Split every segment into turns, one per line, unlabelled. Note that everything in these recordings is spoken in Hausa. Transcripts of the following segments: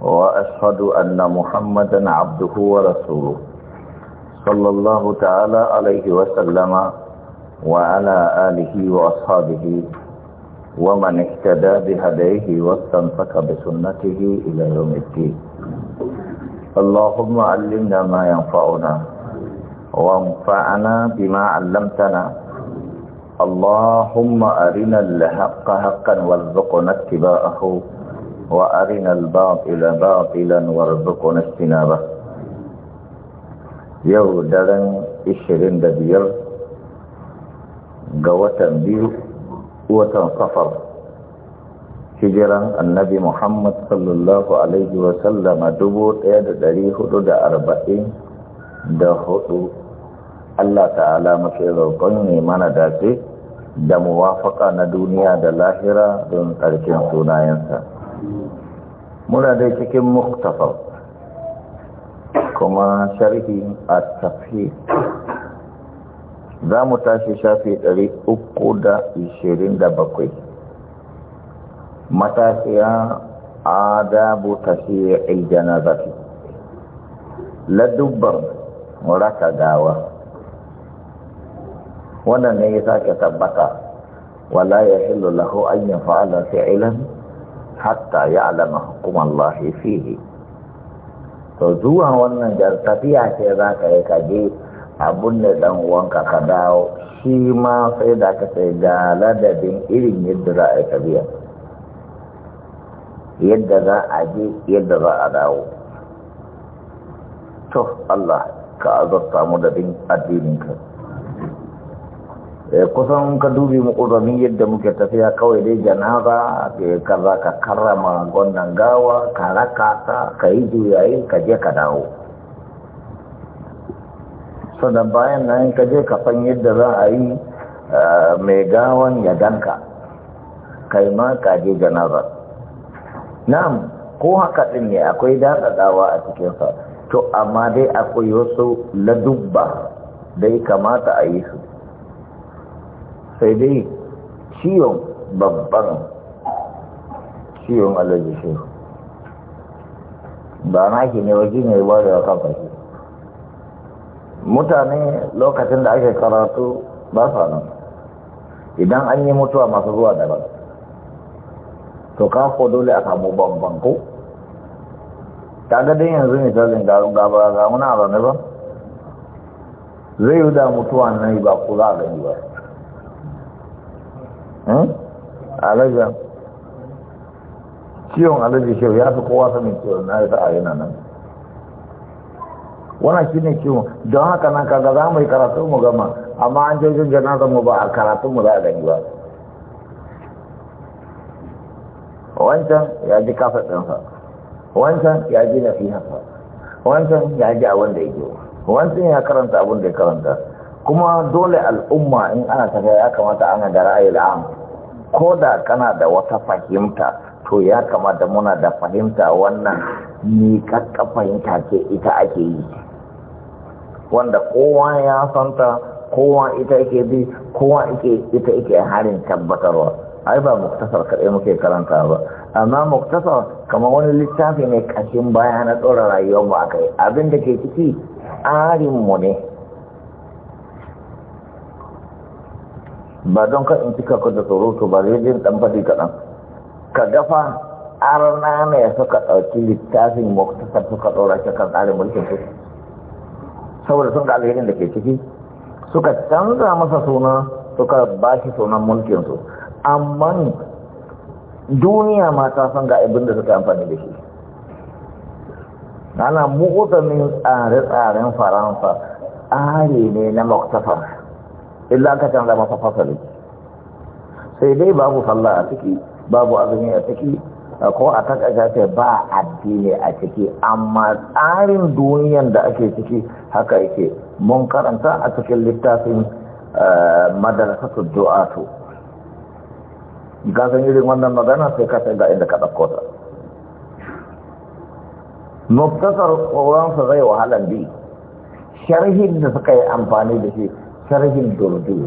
وأشهد أن محمدا عبده ورسوله صلى الله تعالى عليه وسلم وعلى آله وأصحابه ومن اهتدى بهديه واستنفك بسنته إلى يوم الدين اللهم علمنا ما ينفعنا وانفعنا بما علمتنا اللهم أرنا الحق حقا وارزقنا اتباعه وأرنا الباطل باطلا وارزقنا اجتنابه يو درن إشرين دبير قوة بيو وتنصفر hijiran annabi Muhammad sallallahu Alaihi wasallama dubu ɗaya da ɗari hudu da arba'in da hudu Allah ta'ala mafi roƙon ne mana dace da muwafaka na duniya da lahira don ƙarshen sunayensa. muna dai cikin muktafa kuma sharhi a tafi za mu tashi shafi da 327 matashiya adabu tafiye janazati ladubban raka gawa wannan ne ya sake tabbata wala ya hillu lahu an yi fa'ala fi'ilan hatta ya alama hukumar lahi fihi to zuwa wannan jar tafiya ce za ka yi je abun da dan uwanka ka dawo shi ma sai da ka sai ga ladabin irin yadda za a yi tafiya yadda za a je yadda za a dawo to Allah ka azurta mu da bin addininka eh kusan ka dubi mukudamin yadda muke tafiya kawai dai janaza ka kaza ka karrama gwannan gawa ka raka ta ka yi juyayi ka je ka dawo sannan bayan na ka je ka san yadda za a yi eh, mai gawan ya danka kai ma ka je janaza na'am ko haka din ne akwai daɗaɗawa a cikinsa to amma dai akwai wasu ladubba da ya kamata a yi su sai dai ciwon babban ciwon alaji shi ba na ne waje ne ba da kafa shi mutane lokacin da ake karatu ba sa nan idan an yi mutuwa masu zuwa daban to ka ko dole a samu bambam ko ta ga ne yanzu misalin gaba ga muna ranar ba zai yi da mutuwa nan ba ku za a gani ba Hmm? alaga ciwon alaji shi ya fi kowa sami ciwon na yata a yana nan wannan shi ne ciwon don haka nan kaga za mu yi karatun mu gama amma an jojin janazan mu ba a karatun mu za a gani ba wancan ya ji kafa ɗansa wancan ya ji na fiyansa wancan ya ji abin da ya ji wancan ya karanta abin da ya karanta kuma dole al'umma in ana tafiya ya kamata ana da ra'ayi la'am ko da kana da wata fahimta to ya kamata muna da fahimta wannan kakka fahimta ce ita ake yi wanda kowa ya santa kowa ita ake bi kowa ita ake harin tabbatarwa ai ba muktasar kaɗai muke karanta ba amma muktasar kamar wani littafi ne ƙashin baya na tsoron rayuwar ba kai abin da ke ciki tsarinmu ne ba don ka in cika ku da to ba zai jin dan faɗi kaɗan ka gafa arna ne ya suka ɗauki littafin muktasar suka ɗora shi kan tsarin mulkin su saboda sun ga alherin da ke ciki suka canza masa suna suka ba shi sunan mulkin su amma duniya ma ta san ga abin da suka amfani da shi ana mu'utamin tsare-tsaren faransa tsari ne na muktasar illa ka canza masa fasali sai dai babu sallah a ciki babu azumi a ciki ko a taka ce ba addini a ciki amma tsarin duniyan da ake ciki haka yake mun karanta a cikin littafin eh, madarasatu du'atu gasan irin wannan magana sai ka sai ga inda ka ɗauko ta muktasar ƙoransa zai wahalan bi sharhin da suka yi amfani da shi sharhin durdu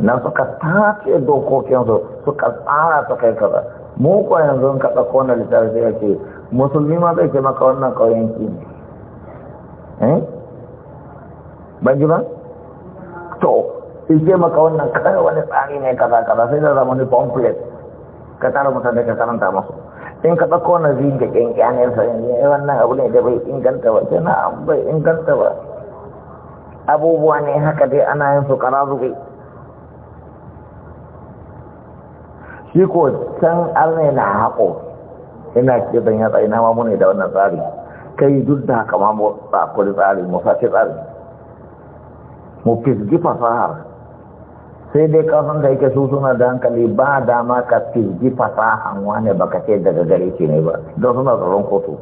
nan suka tace dokokinsu suka tsara su kai kaza mu kuwa yanzu ka ɗauko na littafi ya ce musulmi ma zai ce maka wannan ki ne eh? ban ji ba to ije maka wannan kai wani tsari ne kaza kaza sai da zamani pamphlet ka tara mutane ka karanta masu in ka ɗauko na zinga da ƙyanƙyanin sa yanzu eh, wannan abu ne da bai inganta ba sai na bai inganta ba abubuwa ne haka dai ana yin fukara karazuki shi ko can arne na haƙo ina ke don ya tsaye na mamu ne da wannan tsari kai duk da haka ma mu tsakuri tsari mu sace tsari mu fisgi fasahar sai dai kafin da yake su suna da hankali ba dama ka fisgi fasahar wane baka ce daga gare ce ne ba don suna tsaron kotu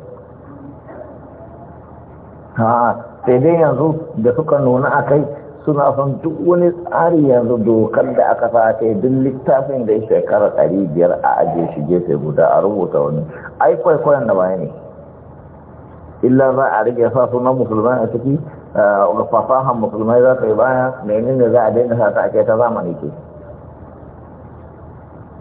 sai dai yanzu da suka nuna a kai suna son duk wani tsari yanzu dokar da aka sa ta duk littafin da ya shekara ɗari biyar a ajiye shi gefe guda a rubuta wani ai kwaikwayon da baya ne illa za a rage sa sunan musulman a ciki eh, fasahan musulmai za ta yi baya menene za a daina sa ta ake ta zamani ke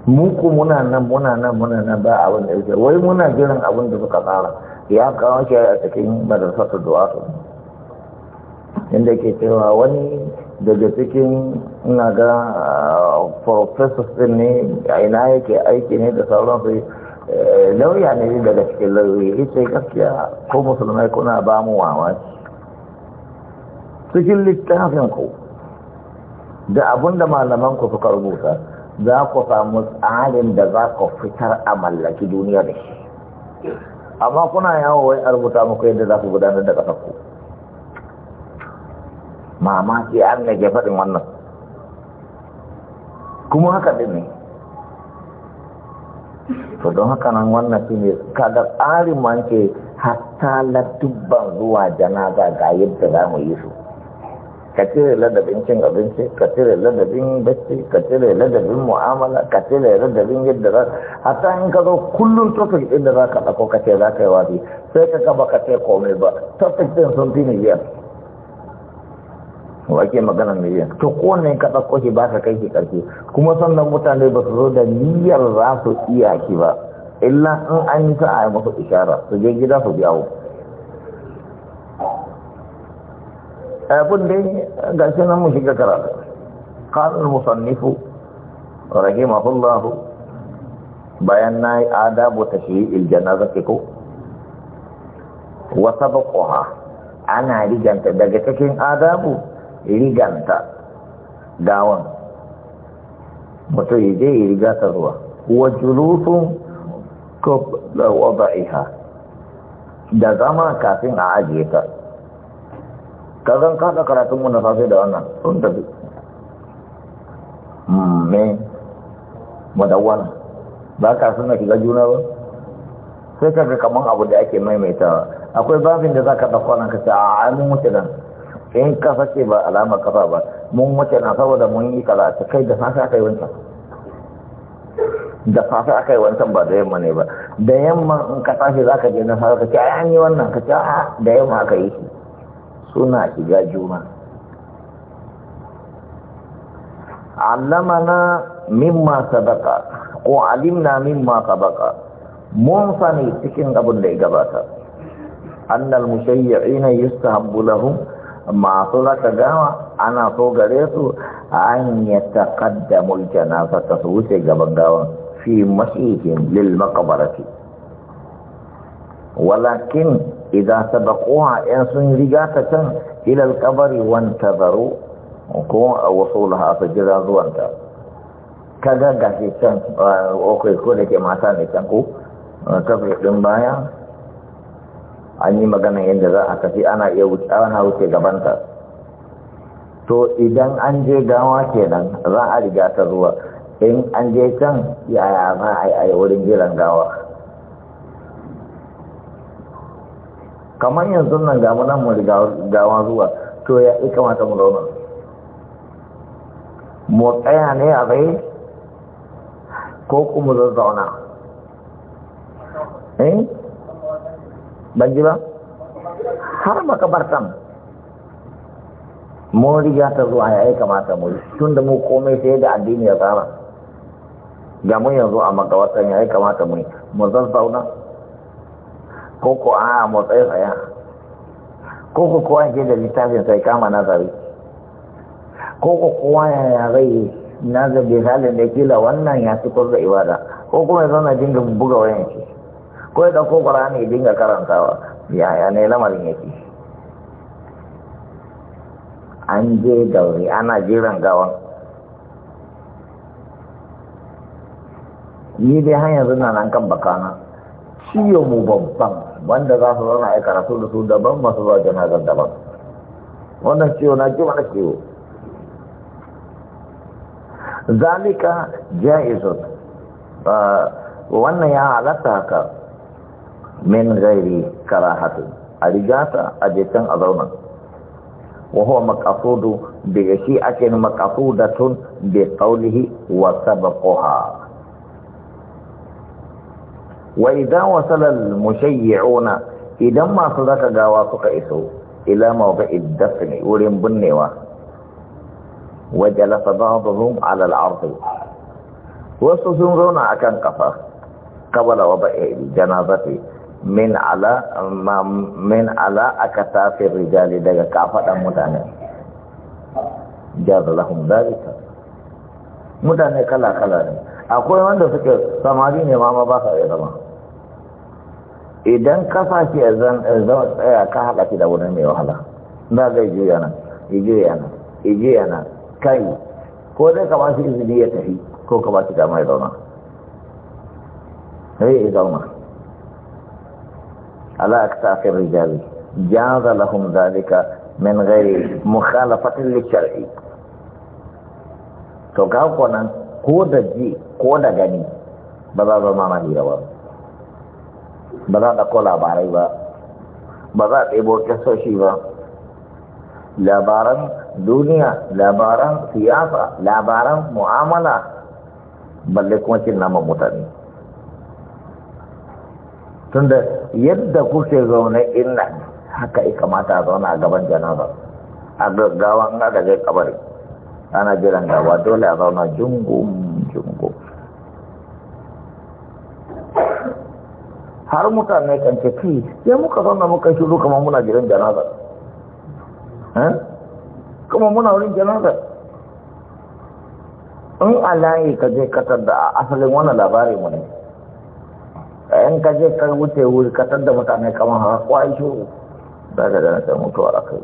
mu ku muna nan muna nan muna nan ba abin da yake wai muna jiran abin da suka tsara ya kawo shi a cikin ta du'a inda ke cewa wani daga cikin ina ga ah, professors din ne a ina yake aiki ne da sauran su eh, lauya ne daga cikin lauyoyi ita gaskiya ko musulmai kuna ba mu wawa cikin littafin ku da abun da malaman ku suka rubuta za ku samu tsarin da za ku fitar a mallaki duniya da shi amma kuna yawo wai a rubuta muku yadda za ku gudanar da ƙasar ku mamaki an ne ke faɗin wannan kuma haka ɗin ne to don haka nan wannan shi ne kada tsarin manke hatta latubban zuwa janaza ga yadda za mu yi su ka cire ladabin cin abinci ka cire ladabin bacci ka cire ladabin mu'amala ka cire ladabin yadda za hatta in ka zo kullum topic ɗin da za ka ɗauko ka ce za ka yi wafi sai ka ba ka ce komai ba topic sun fi miliyan wake maganar miliyan to kowanne ka ɗauko shi ba ka kai shi ƙarfi kuma sannan mutane ba su zo da niyyar za su iya shi ba illa in an yi ta a yi musu ishara su je gida su jawo abin dai ga shi nan mu shiga karatu kanun musannifu rahimahullahu bayan na yi adabu ta shi iljanaza ko wasa baƙoha ana riganta daga cikin adabu riganta gawan mutum ya je ya riga ta ruwa wa julusun iha. da zama kafin a ajiye ta ka zan kada karatun mu na safe da wannan sun tafi hmm, me madawana ba ka na shiga juna ba sai kaga kamar abu da ake maimaitawa akwai babin da za ka ɗauka nan ka ce a an wuce nan in kafa ce ba alamar kafa ba mun wuce na saboda mun yi kaza ta kai da safe aka yi wancan da safe aka yi wancan ba da yamma ne ba da yamma in ka tashi za ka je na safe ka ce an yi wannan ka ce a da yamma aka yi shi suna shiga juna allamana mimma sabaka ko alimna mimma sabaka mun sani cikin abin da ya gabata annal mushayyi'ina yastahabbu lahum masu raka gama? ana so gare su an ya taƙaddamul janaza ta su wuce gaban gawan fi masikin lil makabarati walakin idan sabaquha yan sun riga ta can ilal kabari wanta zaro ko a wasu lahafa jira zuwanta ka gaggashe can uh, ko da ke mata ne can ko uh, ɗin baya an yi magana yadda za a kafi ana iya wuce wuce gabanta to idan an je gawa kenan za a riga ta zuwa in an je can yaya za a yi wurin jiran gawa kamar yanzu nan gamu nan mu gawa zuwa to ya ika mata mu zauna mu tsaya ne a zai ko kuma zazzauna eh? ban ji ba har makabartan mun riga ta zuwa ya kamata mu tun da mu komai sai da addini ya tsara ga mun yanzu a makabartan ya kamata mu mu zauna ko ko a mu tsaye tsaya ko ko kowa ke da littafin sai kama nazari ko ko kowa ya zai nazari da halin da kila wannan ya fi kurza ibada ko kuma ya zauna dinga buga wayanci ko da ko qur'ani dinga karantawa yaya ne lamarin yake an je gauri ana jiran gawan ni dai hanyar yanzu nan kan bakana ciyo mu babban wanda za su zauna ya karatu da su daban masu zuwa janazar daban wannan ciwo na ji wani ciwo zalika ja'izun ah, wannan ya halatta haka min gairi karahatin a rigata a jikin azaunan wahuwa makasudu daga shi ake ni tun bai taulihi wa sabakoha wa idan wasalar mushayyi'una idan masu zaka gawa suka iso ila mawaka iddasa ne wurin binnewa wajalasa ba da zun alal arzu wasu sun zauna akan kafa kabala wa ba'i janazati min ala min ala akatafir rijali daga kafadan mutane jazalahum dalika mutane kala kala ne akwai wanda suke samari ne ma ba sa ya zama idan ka sashi ya zama tsaya ka haɗa ki da wurin mai wahala Na zai juya nan ijuya nan ijuya nan kai ko dai ka ba shi izini ya tafi ko ka ba shi dama ya zauna sai ya zauna على أكتاف الرجال جاز لهم ذلك من غير مخالفة للشرع to ga kunan ko da ji ko da gani ba za zama mani ba ba za da ko labarai ba ba za a ɗebo kyasoshi ba labaran duniya labaran siyasa labaran mu'amala balle kuma cin naman mutane tunda yadda kuke zaune illa haka ya kamata a zauna a gaban janaba a gaggawa na daga kabari ana jiran gawa dole a zauna jungun jungun har mutane kan ce kai ya muka zauna muka shiru kamar muna jiran janaba eh? kuma muna wurin janaba in alayi ka je katar da asalin wani labarin mu ne in ka je kan wuce wuri ka da mutane kamar haka kwai shi ba ga dana ta mutuwa a kai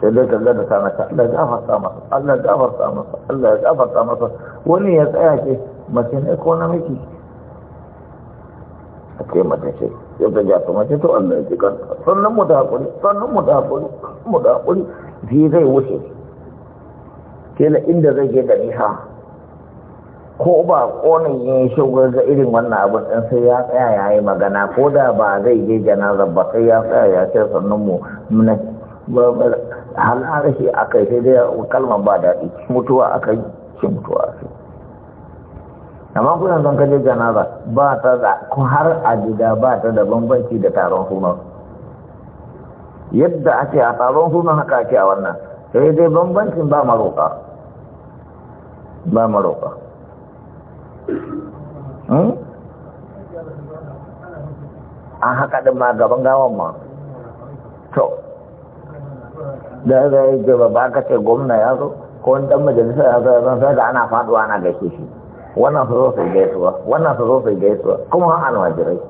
sai dai ka gada ta Allah ya gafarta masa Allah ya gafarta masa Allah ya gafarta masa wani ya tsaya ce mace ne ko miki a ce mace ce ya ta ja ta mace to Allah ya ji kan sannan mu da hakuri sannan mu da hakuri mu da hakuri ji zai wuce kila inda zai je da ha. ko ba konin ya yi shigo ga irin wannan abin ɗin sai ya tsaya ya yi magana ko da ba zai je janaza ba sai ya tsaya ya ce sannan mu na halar shi a kai sai dai kalmar ba daɗi mutuwa a kai shi mutuwa a amma kuna zan kaje janaza ba ta da ko har a gida ba ta da bambanci da taron sunan yadda ake a taron sunan haka ake a wannan sai dai bambancin ba maroka ba maroka Hmm? A haka ɗin ma gaban gawan ma to da zai gaba ba ka ce gwamna ya zo ko wani ɗan majalisa ya zo zan sai da ana faɗuwa ana gaishe shi wannan su zo su gaisuwa wannan su zo su gaisuwa kuma an wajirai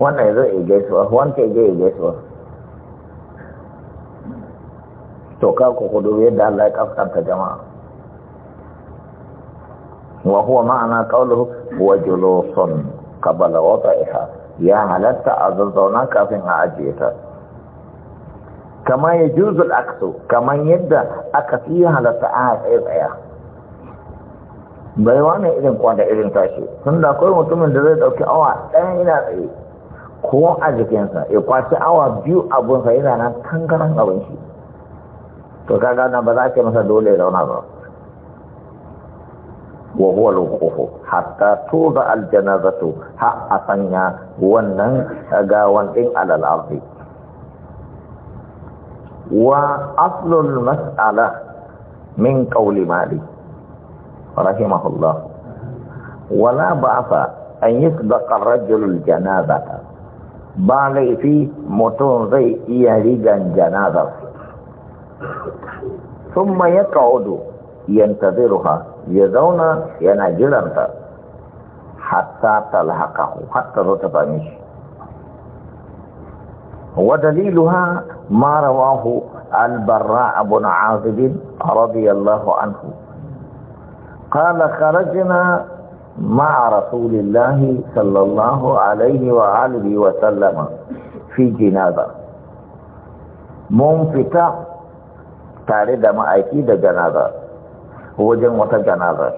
wannan ya zo ya gaisuwa wancan ya je gaisuwa to ka ku kudu yadda Allah ya kaskanta jama'a وهو معنى قوله وجلوس قبل وضعها يا هلتا أزلزونا كافين أجيتا كما يجوز الأكس كما يدى أكسيها لتعاد إبعيا bai wane irin kwanda irin tashi sun da akwai mutumin da zai dauki awa ɗaya yana tsaye ko a jikinsa ya kwaci awa biyu abunsa yana nan tangaran abin shi to kaga na ba za ka masa dole ya zauna ba وهو الوقوف حتى توضع الجنازة حق أسنى ونن غاوان إن على الأرض وأصل المسألة من قول مالك رحمه الله ولا بأس أن يصدق الرجل الجنازة بالي في متون زي يريد جنازة ثم يقعد ينتظرها ya zauna yana jiranta hatta talhaqahu hatta zo ta same shi wa daliluha ma rawahu al-barra' ibn 'azib radiyallahu anhu qala kharajna مع رسول الله صلى الله عليه وآله وسلم في جنازة منفتح تارد مأيكي da جنازة wajen wata janaza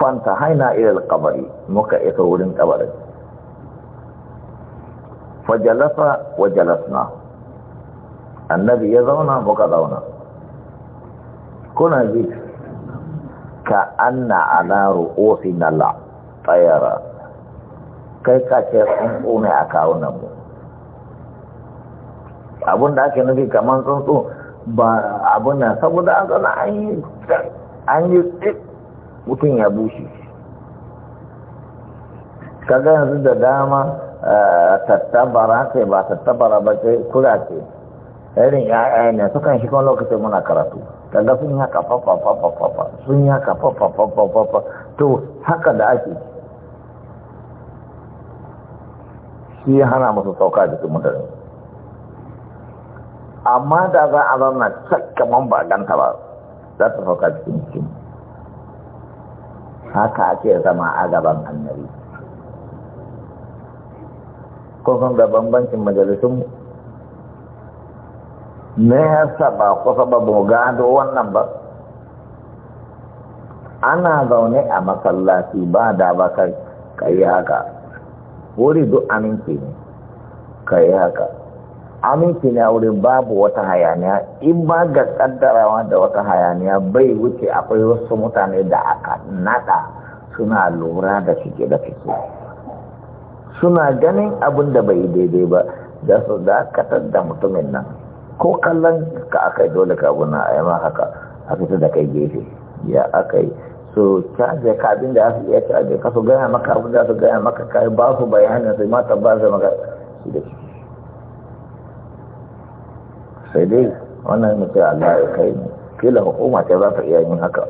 fanta haina ilal kabari muka isa wurin kabarin fajalasa wa jalasna annabi ya zauna muka zauna kuna ji ka anna ala ru'ufina la tsayara kai ka tsuntsu ne a kawunan mu abinda ake nufi kamar tsuntsu ba abun nan saboda an zana an yi an yi tsit mutum ya bushe kaga yanzu da dama eh, tattabara ce ba tattabara ba ce kura ce irin ya'ya ne sukan shi kan lokacin muna karatu kaga sun yi haka fafafafafafa sun yi haka fafafafafafa to haka da ake shi hana musu sauka jikin mutane amma da za a zauna cakkaman kaman ba ganta ba za ta sauka cikin cikin haka ake zama a gaban annabi ko kan ga bambancin majalisun ne yasa ba kusa ba mu gado wannan ba ana zaune a masallaci ba da ba kai kai haka wuri duk aminci ne kai haka aminci na wurin babu wata hayaniya in ba ga kaddarawa da wata hayaniya bai wuce akwai wasu mutane da aka nada suna lura da fike da fike suna ganin abin da bai daidai ba da su dakatar da mutumin nan ko kallon ka aka yi dole ka guna a yamma haka a fito da kai gefe ya aka yi so caje ka abin da su iya caje ka su gaya maka abin da su gaya maka kai ba su bayanin su mata ba su maka su da shi sai dai wannan mutu Allah ya kai ne kila hukuma ce za ta iya yin haka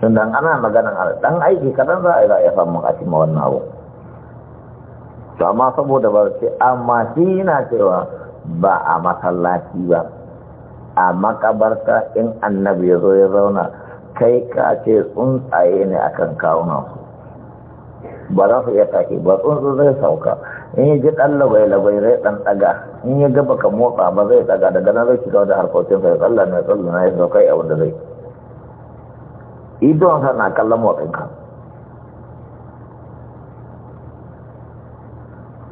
tun dan ana maganan dan aiki kadan za a yi za a samun a wannan abu to amma saboda ba ce amma shi yana cewa ba a masallaci ba a makabarta in annabi ya zo ya zauna kai ka ce tsuntsaye ne akan kawunansu ba za su iya tashi ba tsuntsu zai sauka in ya ji ɗan labai labai zai ɗan ɗaga in ya gaba ka motsa ba zai ɗaga daga nan zai shiga da harkokinsa ya tsalla na tsalla na ya sauka ya wanda zai idon sa na kallon motsinka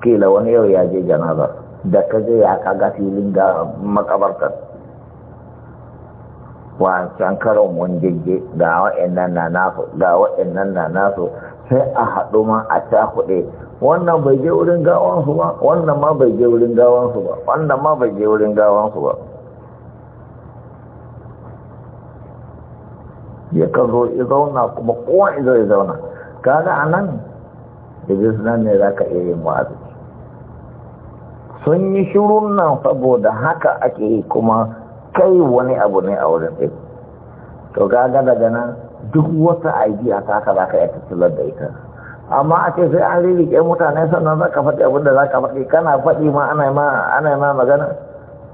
kila wani yau ya je janaza da ka je ya kaga filin ga makabartar wancan karon wanjejje ga wa'annan na nasu ga wa'annan na nasu sai a haɗu ma a cakuɗe wannan bai je wurin gawansu ba wannan ma bai je wurin gawansu ba wannan ma bai je wurin gawansu ba ya ka zo ya zauna kuma kowa izo ya zauna kaga a nan ibis nan ne za ka iya yin wazi sun yi shirun nan saboda haka ake kuma kai wani abu ne a wurin ɗin to gaga daga nan duk wata idea ta haka za ka yi tattalar da ita amma a ce sai an ririke mutane sannan za ka faɗi abin da za ka faɗi kana faɗi ma ana yi ma magana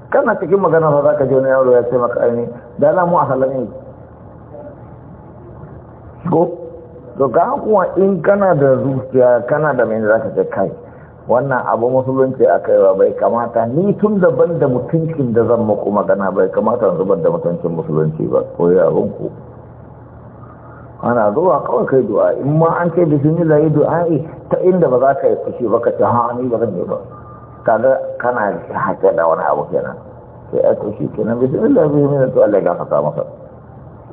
kana cikin magana za ka je wani yaro ya ce maka aini da za mu a ne? ko to ga kuwa in kana da zuciya kana da mai za ka ce kai wannan abu musulunci a kaiwa bai kamata ni tun daban da mutuncin da zan muku magana bai kamata zubar da mutuncin musulunci ba ko yaronku ana zuwa kawai kai du'a in ma an ce bismillah yi du'a'i eh, ta inda ba za ka yi fushi ba ka ce ha ni ba zan yi ba kaga kana haƙe da wani abu kenan sai a to shi kenan bismillah bismillah to Allah ya gafarta masa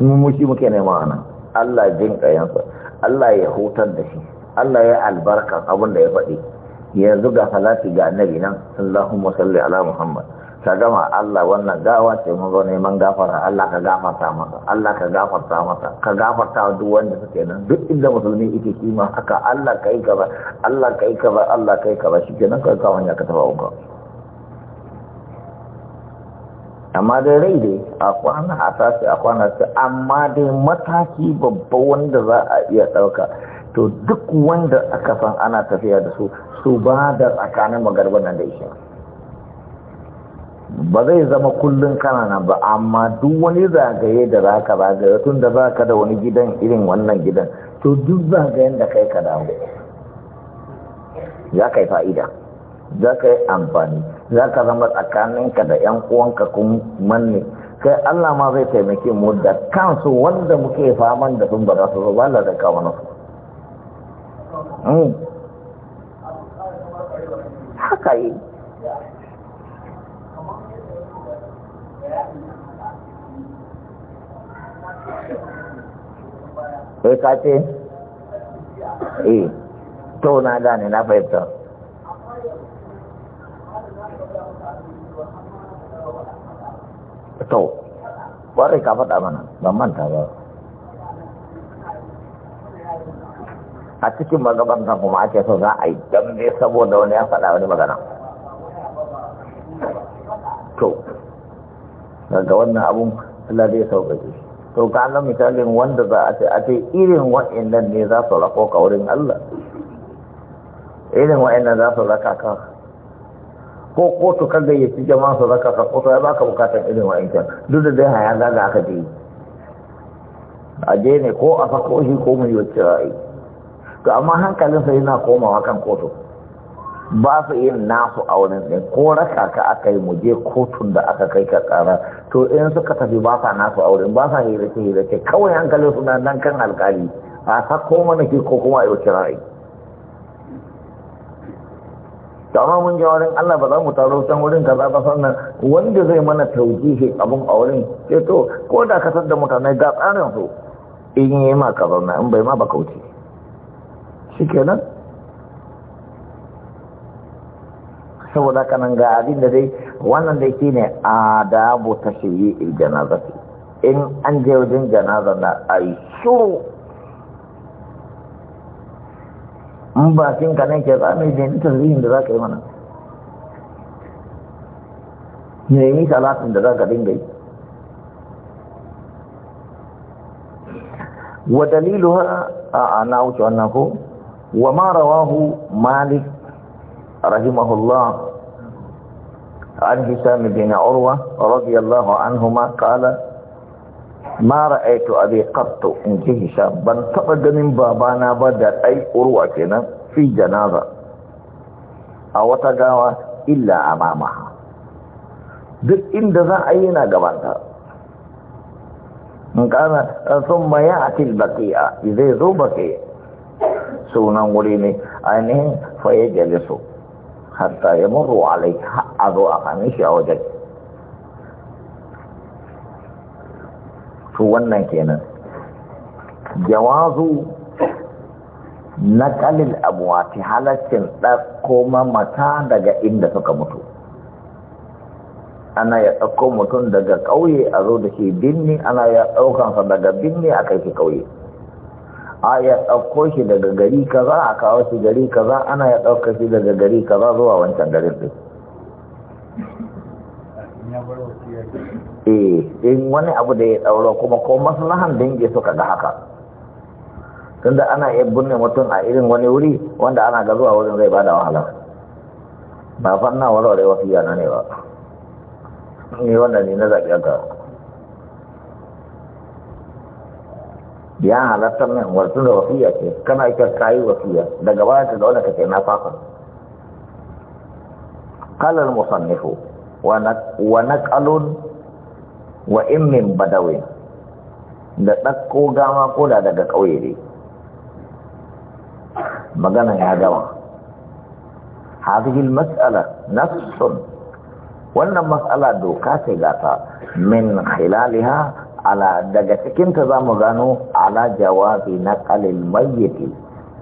mu mushi muke nema ana Allah jin kayansa Allah ya hutar da shi Allah ya albarka abin da ya faɗi Yanzu ga salati ga annabi nan Allahumma salli ala Muhammad ka gama Allah wannan gawa ce mun zo neman gafara Allah ka gafarta masa Allah ka gafarta masa ka gafarta duk wanda suke nan duk inda musulmi yake kima haka Allah kai ka ba Allah kai ka ba Allah kai ka ba shikenan kai ka wanya ka taba uka amma dai rai dai a kwana a sashi a kwana amma dai mataki babba wanda za a iya ɗauka to duk wanda aka san ana tafiya da su su ba da tsakanin magarban nan da ishe ba zai zama kullum kana nan ba amma duk wani zagaye da za ka zagaye tun da za ka da wani gidan irin wannan gidan to duk zagayen da kai ka dawo za ka yi fa'ida za ka yi amfani za ka zama tsakaninka da ‘yan uwanka kun manne kai Allah ma zai taimake mu da kansu wanda muke faman da sun ba za su zo ba da kawo nasu Eh. haka yi sai ka ce eh to na gane na fahimta to ƙwarai ka faɗa mana ban manta ba a cikin magabatan kuma ake so za a yi dambe saboda wani ya faɗa wani magana to daga wannan abun Allah zai sauƙaƙe to ka nan misalin wanda za a ce a ce irin wa'annan ne za su rako ka wurin Allah irin wa'annan za su raka ka ko kotu ka gayyaci jama'a su raka ka kotu ya baka bukatan irin wa'annan duk da dai haya za aka je a je ne ko a fako shi ko mu yi wacce ra'ayi to amma hankalinsa yana komawa kan kotu ba su yin nasu a wani ɗin ko raka ka aka yi mu je kotun da aka kai ka tsara, to in suka tafi ba sa nasu a wurin ba sa hirace hirace kawai hankalin suna nan kan alkali a sako mana ke ko kuma a yau kirarai to amma mun je wurin Allah ba za mu taro can wurin kaza ba sannan wanda zai mana taujihi abun a wurin sai ko da ka da mutane ga tsarin su in yi ma ka zauna in bai ma ba kauce shi kenan saboda kanan ga abin da dai wannan da shi ne adabu ta shirye ce in an je wajen janaza na a yi shuru in ba ka nan ke tsamai da ni zihin da za ka yi mana yi salatin da za ka dinga yi wa dalilu ha a na wuce wannan ko وما رواه مالك رحمه الله عن هشام بن عروة رضي الله عنهما قال ما رأيت أبي قط انتهى شابا بن من بابانا بدأ أي عروة في جنازة أو تقاوى إلا أمامها duk inda za a yi na gabanta in kana sun ma zai zo sunan wuri ne ainihin faye su. hatta ya murru alai a zo a sami shi a wajen su wannan kenan jawazu na kalil abuwati halaccin ɗarko mamata daga inda suka mutu ana ya ɗarko mutum daga ƙauye a zo da shi binni ana ya ɗaukansa daga binni a kai shi ƙauye a ya ɗauko shi daga gari kaza a kawo shi gari kaza ana ya ɗauka shi daga gari kaza zuwa wancan garin ɗin eh in wani abu da ya ɗauro kuma ko maslahan dangi suka ga haka tunda ana iya binne mutum a irin wani wuri wanda ana ga zuwa wurin zai ba da wahala ba fanna warware wasu yana ne ba ne wanda ne na zaɓi aka يا على تمام ورتون وفيه كما يتسعي وفيه ده جوايات الاولى كانها فقط قال المصنف ونك ونكل وان من بدوي لتكو جاما كودا ده قويري مغنى يا جماعه هذه المساله نفس وان المساله دو كاتي من خلالها ala daga cikinta za mu gano ala jawabi na kalil mayyiti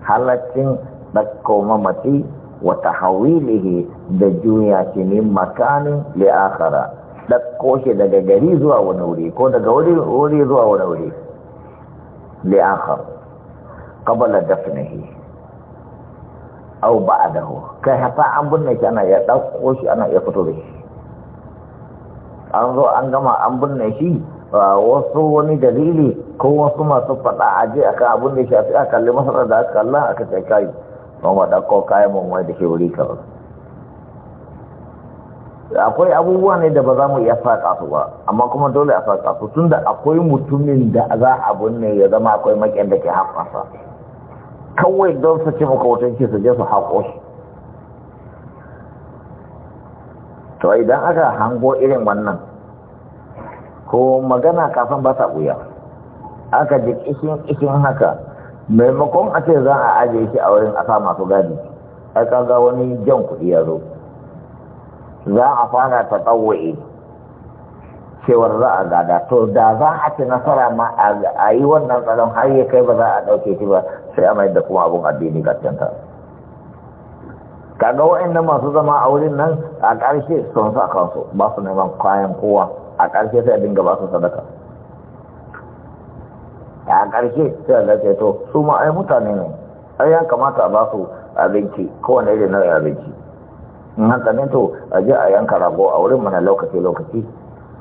halaccin ɗakko mamaci wata hawilihi da juya shi ne makanin li'akara ɗakko shi daga gari zuwa wani wuri ko daga wuri zuwa wani wuri li'akar ƙabala dafnihi au ba a dahu kai hata an binne shi ana ya ɗauko shi ana ya fito da shi an zo an gama an binne shi wasu wani dalili ko wasu masu faɗa a je akan abin da shafi a kalli masarar da aka kalla aka ce kayi don ko kayan da ke wuri kawai akwai abubuwa ne da ba za mu iya faƙa su ba amma kuma dole a faƙa su tunda akwai mutumin da za a binne ya zama akwai makin da ke haƙasa kawai don su ce maka wutan ke su je su haƙo shi to idan aka hango irin wannan ko magana kafin ba ta buya aka ji kishin kishin haka maimakon a ce za a ajiye shi a wurin a sa masu gadi a kaga wani jan kuɗi ya zo za a fara ta tsawaye cewar za a gada to da za a ci nasara ma a yi wannan tsaron har ya kai ba za a ɗauke shi ba sai a da kuma abun addini kacanta kaga wa'annan masu zama a wurin nan a ƙarshe sun sa kansu ba su neman kayan kowa a ƙarshe sai a dinga ba su sadaka a ƙarshe sai a zarce to su ma ai mutane ne ai yan kamata a ba su abinci kowane irin nau'in abinci in haka ne to a je a yanka rago a wurin mana lokaci lokaci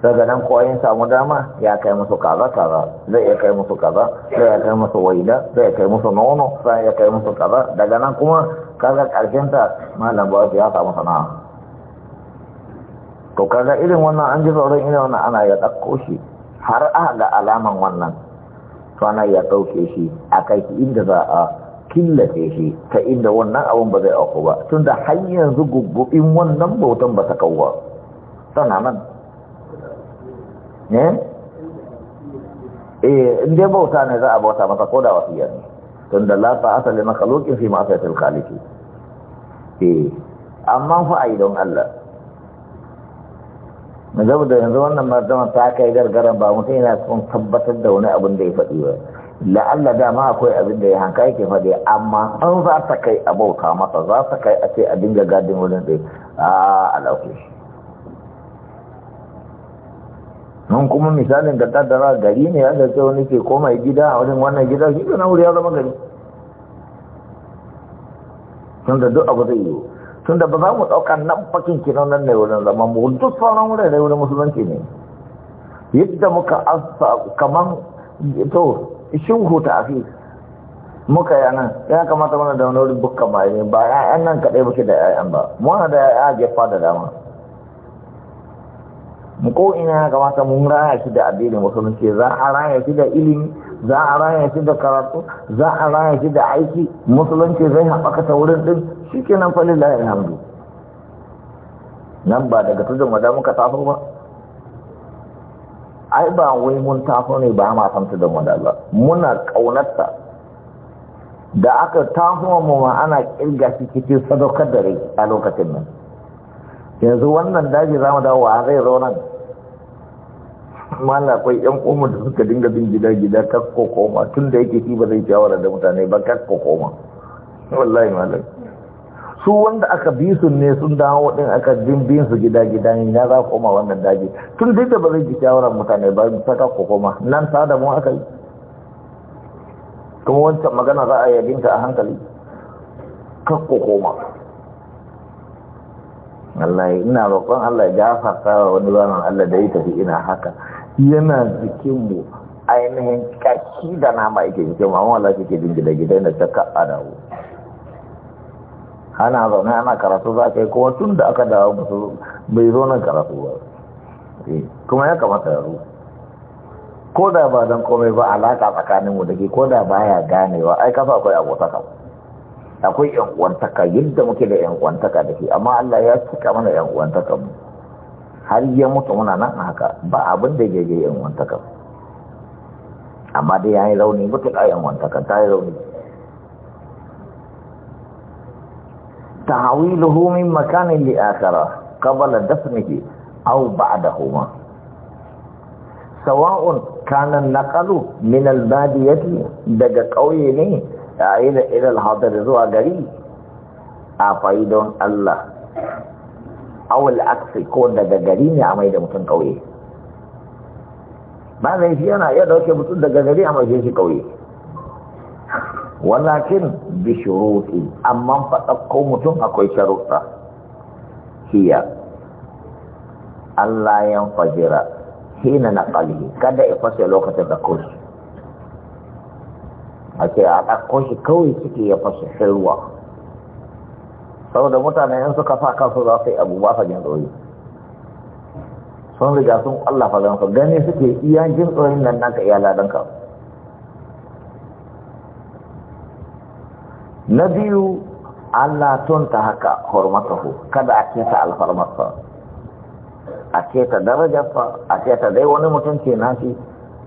daga nan yin samu dama ya kai musu kaza kaza zai ya kai musu kaza zai ya kai musu waida zai ya kai musu nono zai ya kai musu kaza daga nan kuma kaga karfinta malam ba ya samu sana'a to kaga irin wannan an ji tsoron irin wannan ana ya ɗauko shi har a ga alaman wannan to ana ya ɗauke shi a kai shi inda za a killace shi ta inda wannan abun ba zai auku ba tun da har yanzu gubbubin wannan bautan ba ta kawo sana nan ne eh, eh inda bauta ne za a bauta masa ko da wasu yanzu tun da lafa asali makalokin fi masu ya khaliki eh amma fa a yi don Allah na zama da yanzu wannan martaba ta kai gargaran ba mutum yana son tabbatar da wani abin da ya faɗi ba la'alla dama akwai abin da ya hanka yake faɗi amma an za ta kai a bauta masa za ta kai a ce a dinga gadin wurin da a alauke shi nan kuma misalin da dara gari ne ya zace wani ke koma gida a wurin wannan gida shi na wuri ya zama gari tun duk abu zai yiwu tunda ba za mu ɗauka nan fakin kinan nan ne wurin zama mu duk sauran wurin ne wurin musulunci ne yadda muka asa kaman to shin huta a fi muka yana ya kamata mana da wani wurin bukka mai ne ba ya'yan nan kaɗai muke da ya'yan ba mu da ya'ya jefa da dama mu ko ina ya kamata mun raya shi da addinin musulunci za a raya shi da ilimi za a raya shi da karatu za a raya shi da aiki musulunci zai haɓaka ta wurin ɗin shi ke nan falin layin hamdu nan ba daga tudun wadda muka taso ba ai ba wai mun taso ne ba ma samta da wadda ba muna ƙaunarta da aka taso mu ma ana ƙirga shi cikin sadaukar da rai a lokacin nan yanzu wannan daji za mu dawo a zai zo nan mala akwai yan koma da suka dinga bin gida gida ta kokoma, tun da yake shi ba zai shawara da mutane ba ta kokoma, wallahi malam su wanda aka bi su ne sun dawo din aka bin bin su gida gida ne na za ku koma wannan daji tun dai da ba zai ji shawara mutane ba ta kakko kokoma nan ta da mu aka yi kuma wancan magana za a yabinta a hankali ta kokoma, Allah ina roƙon Allah ya gafarta wa wani ranar Allah da ya tafi ina haka yana jikinmu ainihin kaki da nama yake jikinmu amma Allah ke jin gida yana shakka a dawo ana zaune ana karatu za ka yi kuma tun da aka dawo musu bai zo nan karatu ba eh, kuma ya kamata ya ruwa ko da ba don komai ba alaka tsakaninmu da ke ko da ba ya ganewa ai kafa akwai abotaka akwai 'yan uwantaka yadda muke da uwantaka da ke amma Allah ya cika mana uwantaka mu har yi mutu muna nan haka ba abin da gege yin wantakar amma dai ya yi rauni mutuka yin wantakar ta yi rauni ta hawi luhumin makanin li akara kabbalar dafniki au ba a da huma sawa'un kanan na kalu minal badiyati daga kauye ne a da ilal hadari zuwa gari a fa'idon allah awul aksi ko daga gari ne a mai da mutum kauye ba zai shi yana iya dauke mutum daga gari a mai shi kauye walakin bi shuruti amma fa dauko mutum akwai sharuɗa hiya Allah ya fajira hina na qalbi kada ya fasa lokacin da koshi a ce a ɗauko shi kawai suke ya fasa shirwa saboda mutane in suka sa kansu za su yi abu ba sa jin tsoro sun riga sun Allah fa zan gani suke iya jin tsoron nan naka iya ladan ka na biyu Allah tun ta haka ku, kada a keta alfarmarsa a keta darajarsa a keta dai wani mutum ke nashi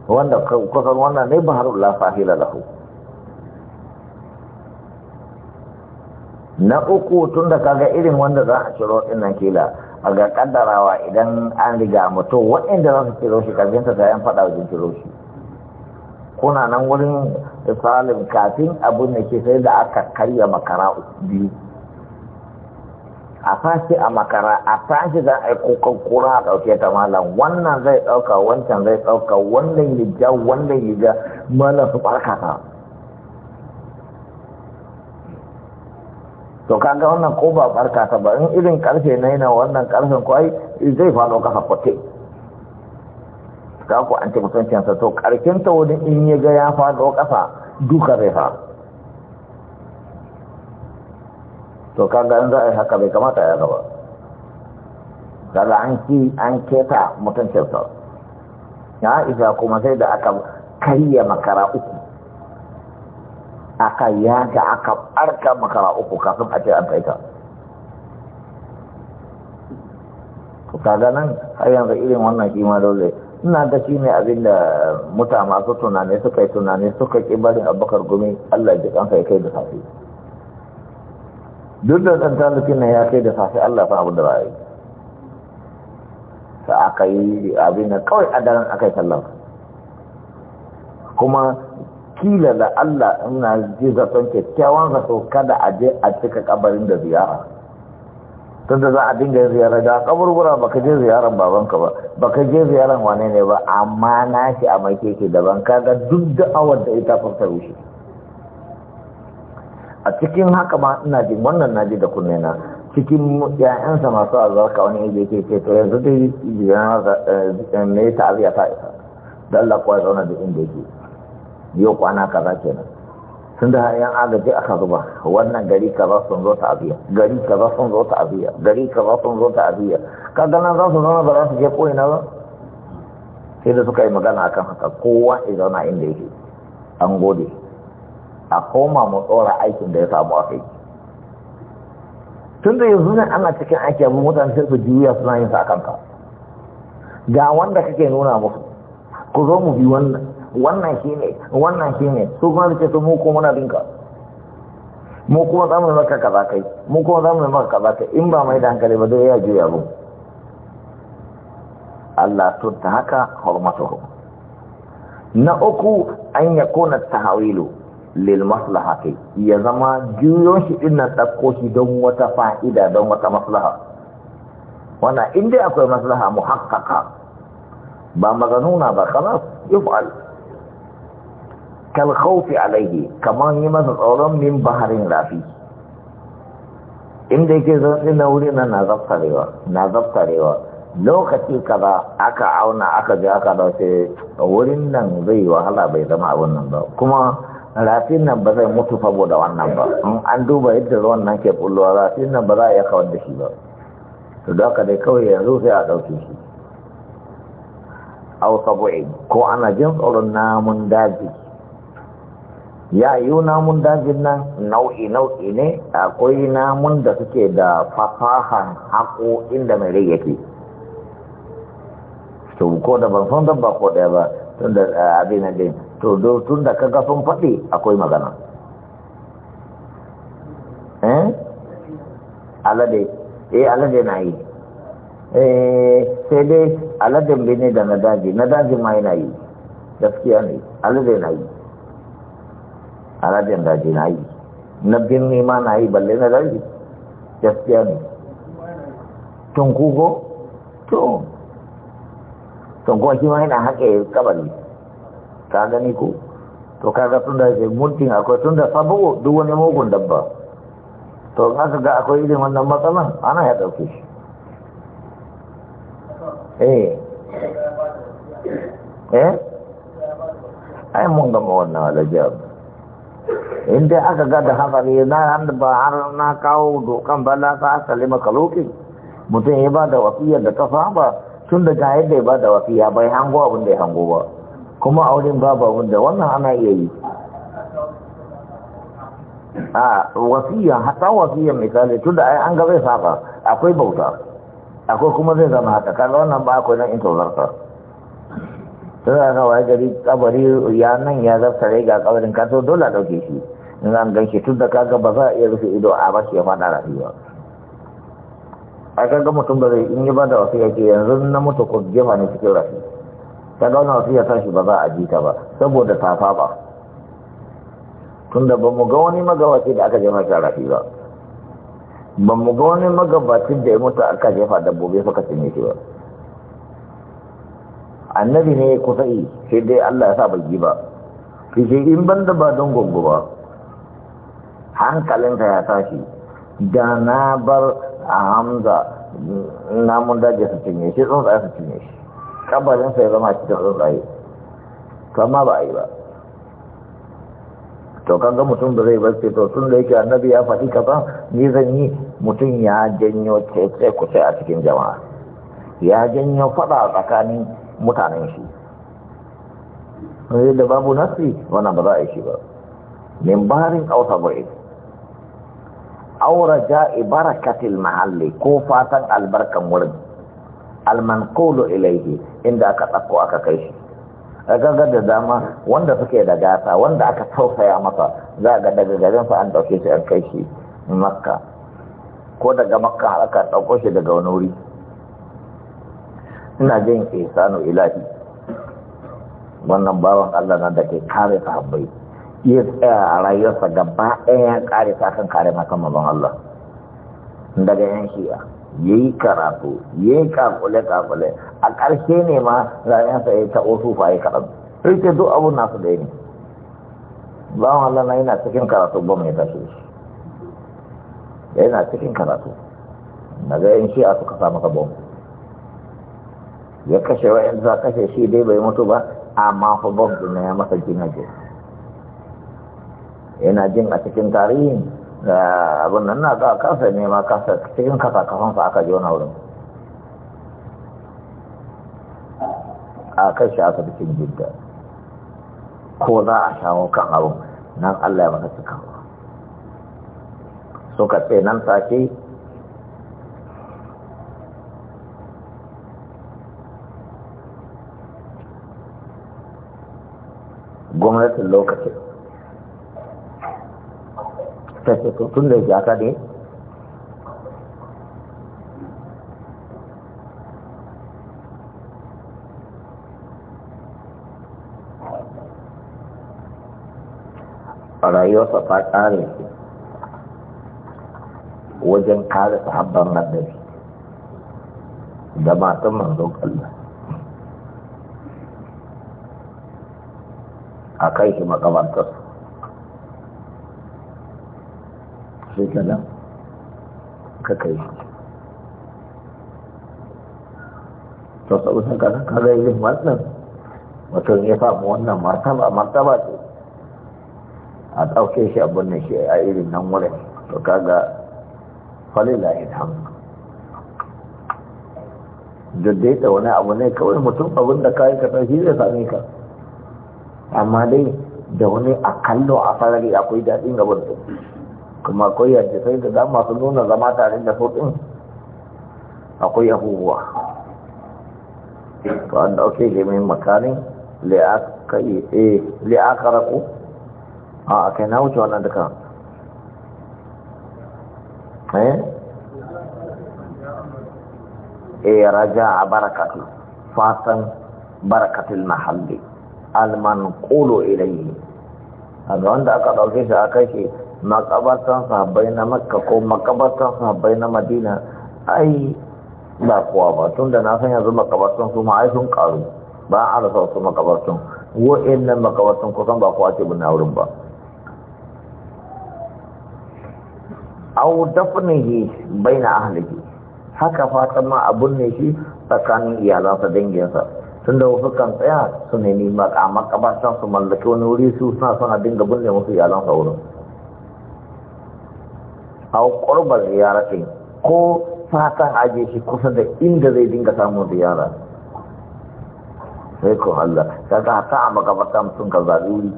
wanda kusan wannan ne ba har lafa lahu na uku tun da kaga irin wanda za a ciro ɗinnan kila a ga kaddarawa idan an riga mutum waɗanda za su ciro shi karfinta ta yan faɗa wajen ciro shi kuna nan wurin salim kafin abin da ke sai da aka karya makara biyu a fashi a makara a fashi za a yi kokon kura a ɗauke ta malam wannan zai ɗauka wancan zai ɗauka wannan ya ja wannan ya ja malam su ɓarkata to kaga wannan ko ba barka ta ba in irin karfe na yana wannan karfen kwai zai faɗo kasa kwate ka ku an ce mutuncinsa to karfin ta wani in ya ga ya faɗo kasa duka zai faɗo to kaga in za a yi haka bai kamata ya gaba daga an ki an keta mutuncinsa ya isa kuma sai da aka karya makara uku aka yaga aka barka makara uku kafin a ce an kai ta kaga nan har yanzu irin wannan kima dole ina da shi ne abin da muta masu tunani suka yi tunani suka ƙi barin abokar gumi allah ji kansa ya kai da safe duk da ɗan talukin nan ya kai da safe allah fa abin da ba yi sa aka yi abin da kawai a daren aka yi tallar kuma kila da Allah ina ji zaton kyakkyawan zato kada a je a cika kabarin da ziyara tunda za a dinga ziyara da kaburbura baka je ziyaran babanka ba baka je ziyaran wane ne ba amma na shi a mai keke daban kaga duk da awar da ita kun rushe a cikin haka ma ina jin wannan na ji da kunne na cikin ya'yansa masu albarka wani yaje ke ce to yanzu dai jiran eh, ne ta abiya ta isa da Allah kuwa zauna da inda yake yau kwana kaza kenan sun da yan agaji aka zuba wannan gari kaza sun zo ta abiya gari kaza sun zo ta abiya gari kaza sun zo ta abiya kaga za su zama ba za su je ko ba sai da suka yi magana akan haka kowa ya zauna inda yake an gode a koma mu tsora aikin da ya samu a kai tun da yanzu nan ana cikin aiki abin mutane sai su juya suna yin sa a kanka ga wanda kake nuna musu ku zo mu bi wannan wannan shi ne wannan shi ne su kuma ce su mu ko muna binka mu kuma za mu yi maka kaza kai mu kuma za mu yi maka kaza kai in ba mai da hankali ba zai ya juya bu Allah ta haka hurmatuhu na uku an ta hawilu lil maslahati ya zama juyon shi din nan ɗauko shi don wata fa'ida don wata maslaha wannan inda akwai maslaha muhaqqaqa ba maganuna ba khalas yuf'al kalkhaufi alaihi kamar yi masa tsoron min baharin rafi inda yake zaune na wuri na zaftarewa na zaftarewa lokaci kaza aka auna aka ji aka dauce wurin nan zai wahala bai zama abin nan ba kuma rafin nan ba zai mutu saboda wannan ba in an duba yadda ruwan nan ke kulluwa rafin nan ba za a iya kawar da shi ba to da aka dai kawai yanzu sai a dauki shi au sabu'in ko ana jin tsoron namun daji ya yi namun dajin nan nau'i nau'i ne akwai namun da suke da fasahan haƙo inda mai rai yake to ko da ban san dabba ko ɗaya ba tun da abin din to do tun da kaga sun faɗi akwai magana eh alade eh alade na yi eh sai dai aladen bene da na daji na daji ma yana yi gaskiya ne alade na yi harajin daji na yi na birni ma na yi balle na daji gaskiya ne tun kugo tun tun kuma shi ma yana haƙe kabali. ka gani ku? to kaga tun da ke muntin akwai tun da sabo duk wani mugun dabba to in ga akwai irin wannan matsalan ana ya ɗauke shi eh eh ai mun gama wannan alaji abu in dai aka ga da hatsari na hannu ba har na kawo dokan ba na ta asali makaloki mutum ya ba da wasiya da ta saba tun daga da ya ba da wasiya bai hango abin da ya hango ba kuma auren babu abin wanda wannan ana iya yi a wasiya hata wasiya misali tun da an ga zai saba akwai bauta akwai kuma zai zama haka kaga wannan ba akwai nan intozarta tana za ka gari kabari ya nan ya zartare ga kabarin ka to dole a shi in an gan shi tun da kaga ba za a iya rufe ido a bashi ya fada rayuwa a kaga mutum ba zai in yi ba da wasu ya ce yanzu na mutu ko jefa ne cikin rafi ta ga wani wasu ya tashi ba za a ji ta ba saboda ta ba tun da ba mu ga wani magabaci da aka jefa shi a rafi ba ba mu ga wani magabacin da ya mutu aka jefa dabbobi suka cinye shi ba annabi ne ya yi sai dai Allah ya sa bai yi ba sai in banda ba don gungu ba hankalinka ya tashi da na bar a hamza namun daji su cinye shi tsuntsaye su cinye shi kabarinsa ya zama da tsuntsaye kama ba a yi ba to kan ga mutum da zai sai to tun da yake annabi ya faɗi kaza ni zan yi mutum ya janyo cece a cikin jama'a ya janyo faɗa tsakanin mutanen shi wani yadda babu nasi wana ba za a yi shi ba min barin auta yi aura ja'i barakatil mahalli ko fatan albarkan wurin almankolo ilaihi inda aka tsakko aka kai shi a da dama wanda suke da gata wanda aka tausaya masa za ga daga garin an dauke shi an kai shi makka ko daga makka aka ɗauko shi daga wani wuri ina jin ihsanu ilahi wannan bawan Allah na da ke kare habbai ya tsaya a rayuwarsa gaba ɗaya kare ta kan kare maka mazan Allah daga yan shi'a ya yi karatu ya yi kakule-kakule a ƙarshe ne ma rayuwarsa ya ta sufa ya kaɗan rike duk abun nasu da ne bawan Allah na yana cikin karatu ba mai tashi yana cikin karatu daga yan shi'a suka samu ka bomba ya kashe wa'in za kashe shi dai bai mutu ba amma fa din ya masa ji yana jin a cikin tarihin da abin nan na ga kasa ne ma kasa cikin kasa kafansa aka jona wurin a kai shi aka cikin jidda ko za a shawo kan abin nan allah ya masa cikawa suka ce nan take gwamnatin lokacin ta ce tun da ya ka ne a rayuwarsa ta ƙare wajen kare sahabban annabi da matan manzon Allah a kai shi makamantar shi kada ka kai shi to saboda ka ka ga yin wannan mutum ya samu wannan martaba martaba ce a ɗauke shi abin da shi a irin nan wurin to kaga falila da daidaita wani abu ne kawai mutum abin da kayan ka shi zai same ka amma dai da wani a kallo a farari akwai daɗin gaban su kuma akwai yadda sai da za masu nuna zama tare da su ɗin akwai abubuwa to an ɗauke da min makani le'a eh, karaku a kai na wuce wannan duka eh eh raja a barakatu fatan barakatul mahalli almanqulu ilayhi da wanda aka dauke shi aka shi makabartan sahabbai na makka ko makabartan sahabbai na madina ai ba kuwa ba tun da na san yanzu makabartan su ma ai sun karu ba a rasa wasu makabartan wa'annan makabartan kusan ba kuwa ce na wurin ba au dafnihi baina ahlihi haka fatan ma abun ne shi tsakanin iyalansa danginsa tun da wasu kan tsaya su nemi makamakabata su mallaki wani wuri su suna son a dinga binne musu iyalan wurin a ƙurbar ziyaratin ko fatan aje shi kusa da inda zai dinga samun ziyara sai kun Allah kaga hata a makabarta mutum ka zaɓi wuri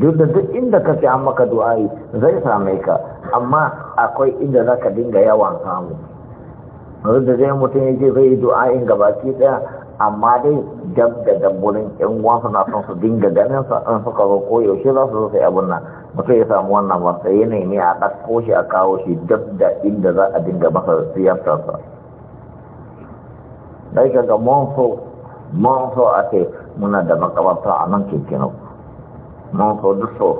duk da duk inda ka ce an maka du'ai zai same ka amma akwai inda za ka dinga yawan samu yanzu da zai mutum yake zai yi du'a'in gabaki daya amma dai dab da dabburin yan uwa suna son su dinga ganin sa in suka zo ko yaushe za su zo sai abun nan mutum ya samu wannan ba sai ya ne a ɗauko shi a kawo shi dab da inda za a dinga masa siyasar sa dai ka ga monso monso a ce muna da makabarta a nan kekinu monso duk so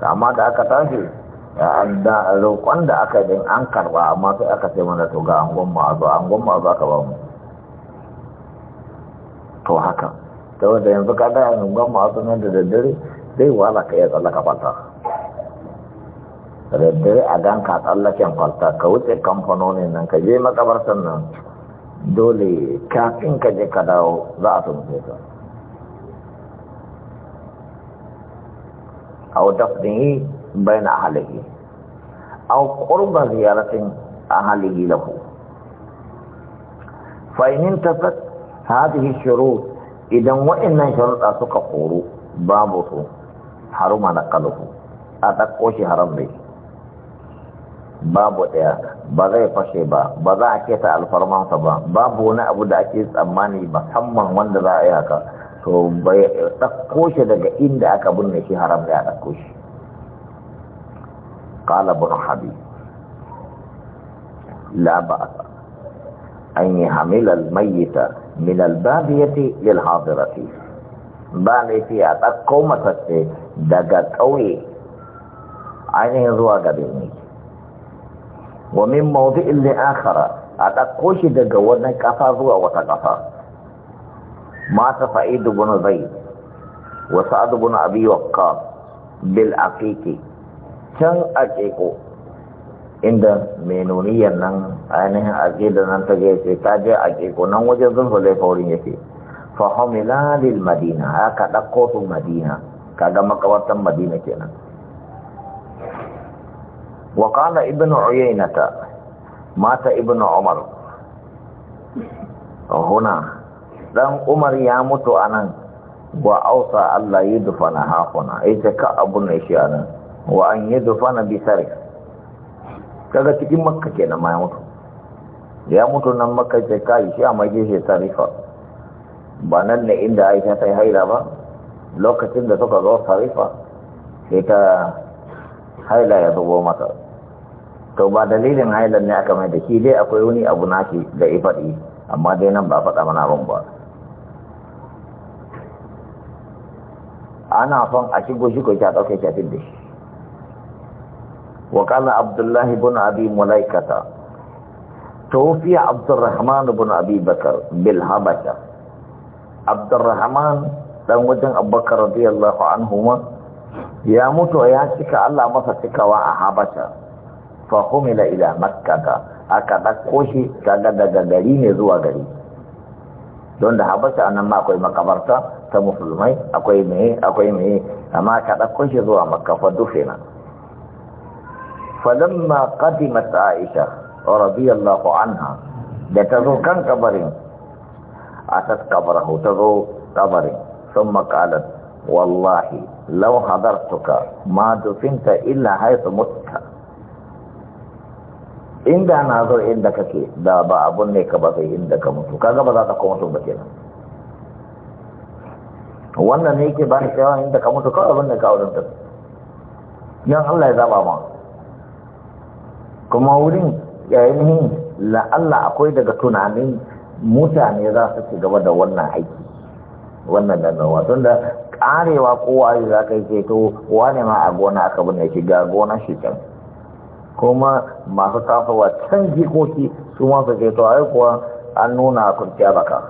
amma da aka tashi da roƙon da aka yi an karɓa amma sai aka sai mana to ga a ma'azu angon ma'azu aka ba mu to haka ta wanda yanzu ka ga angon a nan da daddare zai wala ka iya tsallaka kwalta daddare a gan ka tsallaken kwalta ka wuce kamfanonin nan ka je makabartan nan dole kafin ka je ka dawo za a tunce ka a wadda bayan a halayi an ƙurba ziyaratin a halayi lahu fahimin tafat hadihi shiru idan wa'annan sharuɗa suka koru babu su haruma na ƙalufu a ɗakko shi haram ne babu ɗaya ba zai fashe ba ba za a keta ta alfarmansa ba babu wani abu da ake tsammani ba, musamman wanda za a yi haka to bai ɗakko shi daga inda aka binne shi haram ne a ɗakko shi قال ابن حبيب لا بأس أن يحمل الميت من البادية للحاضرة بالي في أتقو متسي دقا قوي عينه ذو أقبيني ومن موضع لآخر أتقوش دقا ودن كفا وتقفا ما سعيد بن زيد وسعد بن أبي وقاص بالعقيق can a ƙeƙo inda menoniyar nan ainihin da nan ta yace ta je a ƙeƙo nan wajen zunfa laifaurin yake fahimila lil madina ya kaɗa kotun madina ka kaga makawatan madina kenan waƙala Ibn ibnu mata Ibn umar huna dan umar ya mutu nan nan, ausa Allah yi na hafuna ita ka abu ne shi nan wa an yadfana bi sarih kaga cikin makka kenan ma ya mutu ya mutu nan makka ce kai shi a maje shi tarifa ba nan ne inda aisha ta yi haila ba lokacin da suka zo tarifa sai ta haila ya zubo mata to ba dalilin hailan ne aka mai da shi dai akwai wani abu nashi da faɗi. amma dai nan ba faɗa mana abin ba ana son a shigo shi ko ki a ɗauke shi a fil da shi وقال عبد الله بن أبي ملائكة توفي عبد الرحمن بن أبي بكر بالهبشة عبد الرحمن dan wajen abubakar radiyallahu anhuma ya mutu ya cika Allah masa cikawa a habasha fa humila ila makkata aka ɗauko shi daga daga gari ne zuwa gari don da habasha anan ma akwai makabarta ta musulmai akwai mai akwai mai amma aka ɗauko shi zuwa makafa fa فلما قدمت عائشة Aisha, الله عنها لتذو كان قبر أتت قبره تذو kabarin, ثم قالت والله لو حضرتك ما دفنت إلا حيث مت inda na zo inda kake da ba abun ne ka ba inda ka mutu kaga ba za ka kuma mutu ba kenan wannan ne yake ba ni cewa inda ka mutu kawai ne ka wurin ta yan Allah ya zaba ma kuma wurin yayin la'alla akwai daga tunanin mutane za su ci gaba da wannan aiki wannan gaggawa tun da karewa kowa za ka yi ceto wane ma a gona aka bane shi ga gona shi can kuma masu tasowa can jikoki su masu ceto a kuwa an nuna a kurciya baka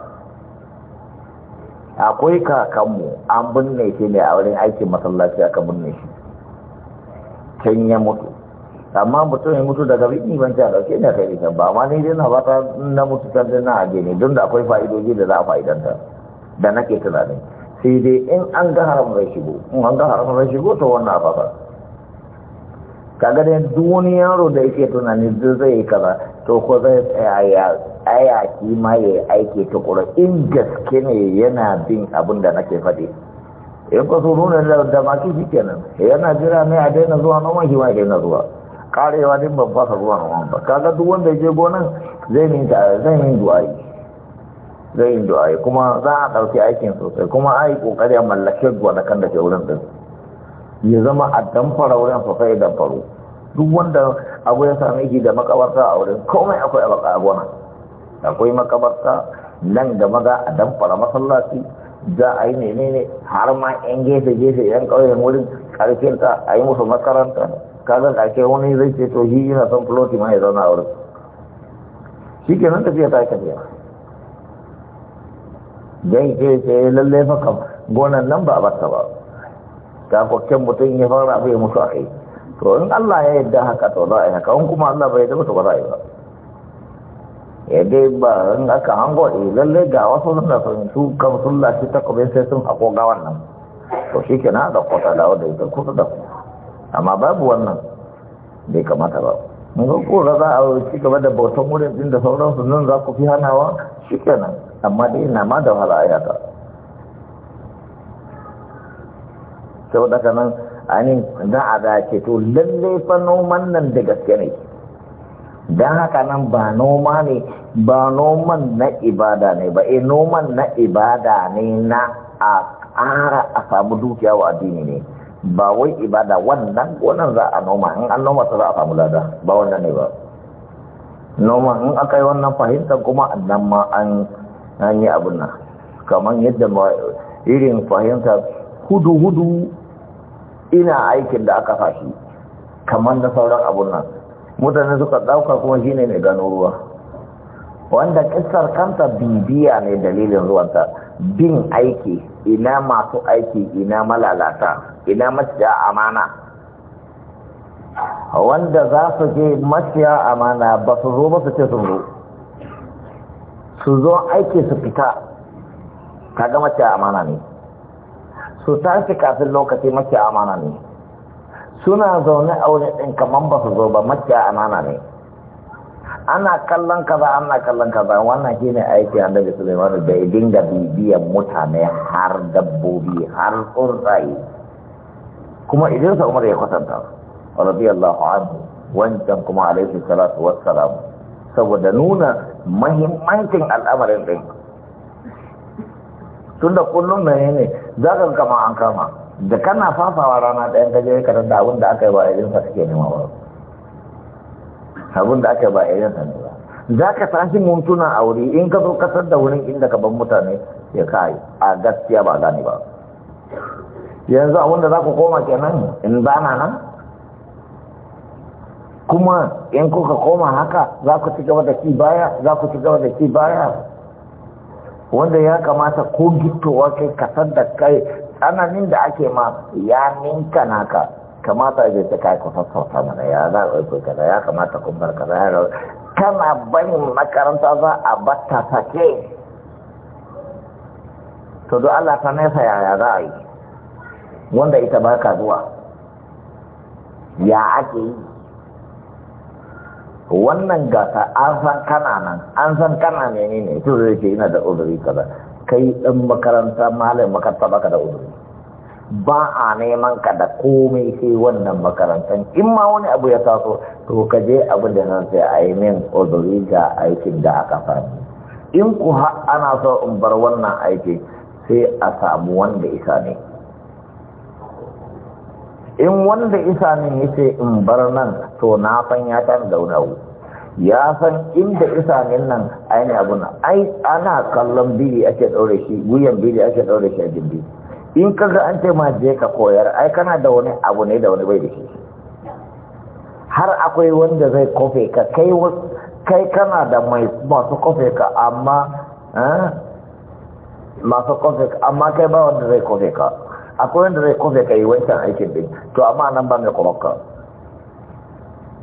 akwai kakanmu an binne shi ne a wurin aikin masallaci aka binne shi can ya mutu amma mutum ya mutu daga biki ban ta dauke da kai bikin ba amma ni dai na bata na mutu kan da na aje ne don da akwai fa'idoji da za a fa'idanta da nake tunani sai dai in an ga haram zai shigo in an ga haram zai shigo to wannan ba ba kaga dai duk yaro da yake tunani zai yi kaza to ko zai tsaya ya tsaya shi ma ya aiki kura in gaske ne yana bin abin da nake faɗi in ka so nuna da maki shi kenan yana jira ne a daina zuwa noman shi ma daina zuwa karewa din ban fasa zuwa ruwan ba kaga duk wanda je gonan zai min zai min du'ai zai yi du'ai kuma za a ɗauki aikin sosai kuma ai kokari a mallake kan da ke wurin din ya zama a damfara wurin sosai damfaru. duk wanda abu ya yake da makabarta a wurin komai akwai a gona akwai makabarta nan da maza a damfara masallaci za a yi menene har ma yan gefe gefe yan ƙauyen wurin karfinta a yi musu makaranta kazan kake wani zai ce to shi yana son floti ma ya zauna a wurin shi ke nan tafiya ta yi tafiya don ke ce eh, lalle fa gonan nan ba a bata ba ta kwakken mutum ya fara ya mutu a kai to in Allah ya yadda haka to za a yi haka in kuma Allah bai yadda mutu ba za a yi ba ya dai ba in aka hango a eh, lalle ga wasu suna da sun su kan sun lashe takobin sai sun hako gawan nan to shi ke na da kwata da wadda ita kusa da kuma amma babu wannan bai kamata ba mun ko za a ci gaba da bautan wurin din da sauransu nan za ku fi hanawa shi kenan amma dai na ma da wahala ta sau daga nan ainihin za a ce to lallai fa noman nan da gaske ne don haka nan ba noma ne ba noman na ibada ne ba e noman na ibada ne na a ara a samu dukiya wa addini ne ba wai ibada wannan gonan za a noma in an noma ta za a samu lada ba wannan ne ba noma in aka yi wannan fahimta kuma annan ma an yi abin nan kamar yadda irin fahimta hudu-hudu ina aikin da aka fashi kamar na sauran abin nan mutane suka dauka kuma shi ne gano ruwa wanda kisar kanta bibiya ne dalilin ruwanta bin aiki ina masu aiki ina malalata ina maciya amana wanda za su je maciya amana ba su zo ba su ce sun zo su zo aiki su fita ta ga maciya amana ne su tashi kafin lokaci maciya amana ne suna zaune a wurin ɗin kamar ba su zo ba maciya amana ne ana kallon kaza ana kallon kaza wannan ne aiki annabi Sulaiman da ya dinga bibiyan mutane har dabbobi har tsuntsaye kuma idan sa umar ya kwatanta radiyallahu anhu wancan kuma alaihi salatu wassalam saboda nuna mahimmancin al'amarin din tunda kullum ne ne za ka kama an kama da kana fafawa rana ɗayan ka je ka da abin da aka yi ba irin sa suke nema ba abin da aka yi ba irin sa ne ba za ka tashi mutuna a wuri in ka zo kasar da wurin inda ka ban mutane ya kai a gaskiya ba gani ba yanzu abinda za ku koma kenan in zana nan kuma in kuka koma haka za ku ci gaba da ci baya za ku ci gaba da ci baya wanda ya kamata ko gittowa kai kasar da kai tsananin da ake ma ya ninka naka kamata ya ta kai kusa sauta mana ya za a kai kaza ya kamata kun bar kaza ya rawa kana bani makaranta za a batta sake to do Allah ta nesa yaya za a yi wanda ita ba ka zuwa ya ake yi wannan gasa an san kana nan an san kana ne ne ne to zai ce ina da uzuri kaza kai dan makaranta malam makaranta baka da uzuri ba a neman ka da komai sai wannan makarantar in ma wani abu ya taso to ka je abin da nan sai a yi min uzuri ga aikin da aka sami in ku ana so in bar wannan aiki sai a samu wanda isa ne in wanda isa min yace in bar nan to na san ya tan da wani ya san inda isa min nan aini abu na ai ana kallon biri ake daure shi guyan biri ake daure shi a gindi in kaga an ce ma je ka koyar ai kana da wani abu ne da wani bai da shi har akwai wanda zai kofe ka kai kai kana da mai masu kofe ka amma eh, masu kofe ka amma kai ba wanda zai kofe ka akwai wanda zai kofe ka yi wancan aikin din to amma nan ba mai kwamaka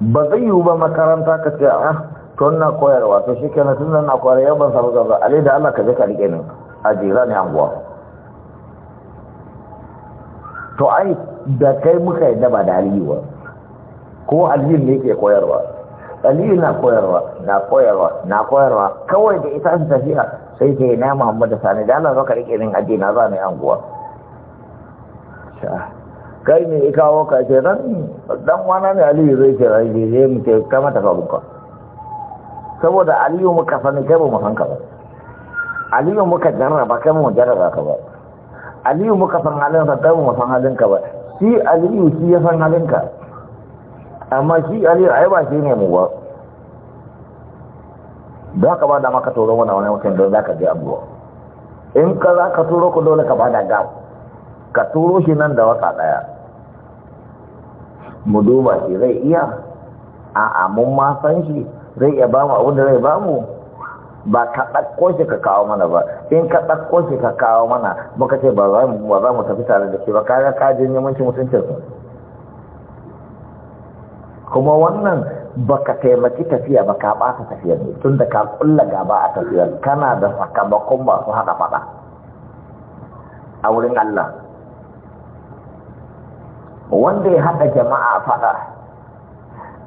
ba zai yiwu ba makaranta ka ce a? Ah, to na koyarwa to shi kenan tun na koyar yau ban samu gaba alai da Allah ka je ka rike ni a jira ne anguwa to ai da kai muka yi daba da aliyu ko aliyu ne ke koyarwa aliyu na koyarwa na koyarwa na koyarwa kawai da ita su tafiya sai ke na muhammadu sani da Allah zaka rike ni a na za ni anguwa Ah, kai ne ya kawo ka ce ran dan wana ne aliyu zai ce rai bai zai mu ce kama ta kawo ka saboda aliyu muka sani kai ba mu san ka ba aliyu muka jarraba kai mu jarraba ka ba aliyu muka san halin ka kai mu san halin ka ba shi aliyu shi ya san halin ka amma shi aliyu ai ba shi ne mu ba da ka ba da maka turo wani wani mutum don za ka je abuwa in ka za ka turo ku dole ka ba da gab ka turo shi nan da wata ɗaya mu duba shi zai iya a mun ma san shi zai iya bamu abin da zai bamu ba ka ɗakko shi ka kawo mana ba in ka ɗakko shi ka kawo mana muka ce ba za mu tafi tare da shi ba kaga ka neman yamanci mutuncin su kuma wannan baka taimaki tafiya ba ka ɓata tafiyar ne tun da ka kulla gaba a tafiyar kana da sakamakon ba su haɗa faɗa a wurin Allah wanda ya haɗa jama'a faɗa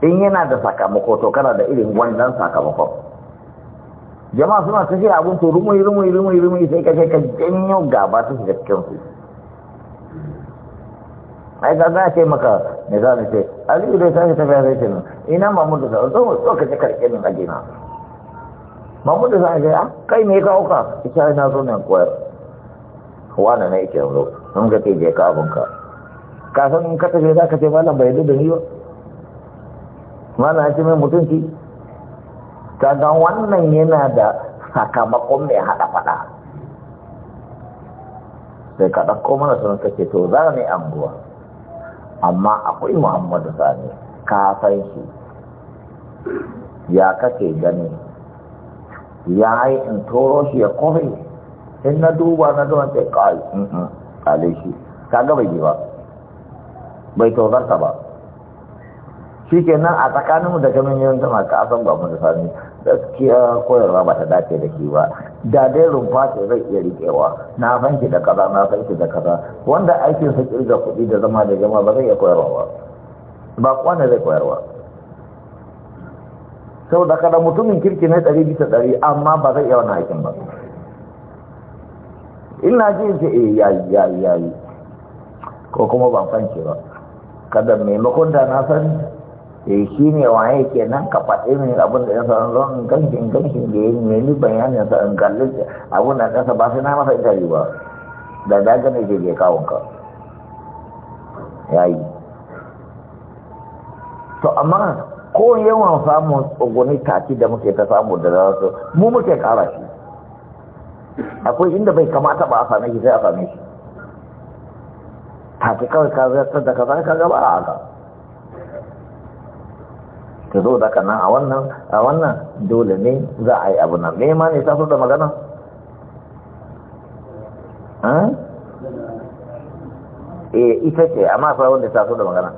in yana da sakamako to kana da irin wannan sakamakon jama'a suna tafiya abin to mai rumu rumuni rumu sai ka ka janyo gaba ta shiga cikin su ai ka za a ce maka me za a ce aliyu dai ta tafiya sai ce nan ina mamudu da zo mu tsoka ce karke min ajina mamudu za a ce ah, kai me ka hauka ita ina zo nan koyar wane na yake yanzu sun ga ke je ka abinka kasan in ka tafi za ka ce malam bai yadda da ni ba malam ya ce mai mutunci ga wannan yana da sakamakon mai haɗa faɗa sai ka ɗauko mana sun kace to za ne buwa amma akwai muhammadu sani ka san shi ya kake gani ya yi in toro shi ya kofi in na duba na zuwa ce ƙali shi ka gaba yi ba bai tozarta ba shi ke nan a tsakaninmu da kamiyoyin tana ka asan ba da sami gaskiya koyarwa ba ta dace da shi ba da dai rumfa ce zai iya riƙewa na fanki da kaza na fanki da kaza wanda aikin sa kirga kuɗi da zama da jama'a ba zai iya koyarwa ba ba kwana zai koyarwa sau da kada mutumin kirki na ɗari bisa ɗari amma ba zai iya wani aikin ba ina ji ce eh, ya yi ya yi ko kuma ban fanke ba kada maimakon da na sani da eh, shi ne waye ke nan ka faɗi min abin da ya san zon ganshin ganshin da ya nemi bayanin sa in kalli abin da kasa ba sai na masa ita ba da daga ne ke ke kawon ka yayi to amma ko yawan samun tsogoni taki da muke ta samu da za su mu muke kara shi akwai inda bai kamata ba a same shi sai a same shi haka kawai ka zartar da kaza ka gaba a haka ta zo daga nan a wannan a wannan dole ne za a yi abu nan me ma ne taso da magana eh ita ce amma fa wanda taso da magana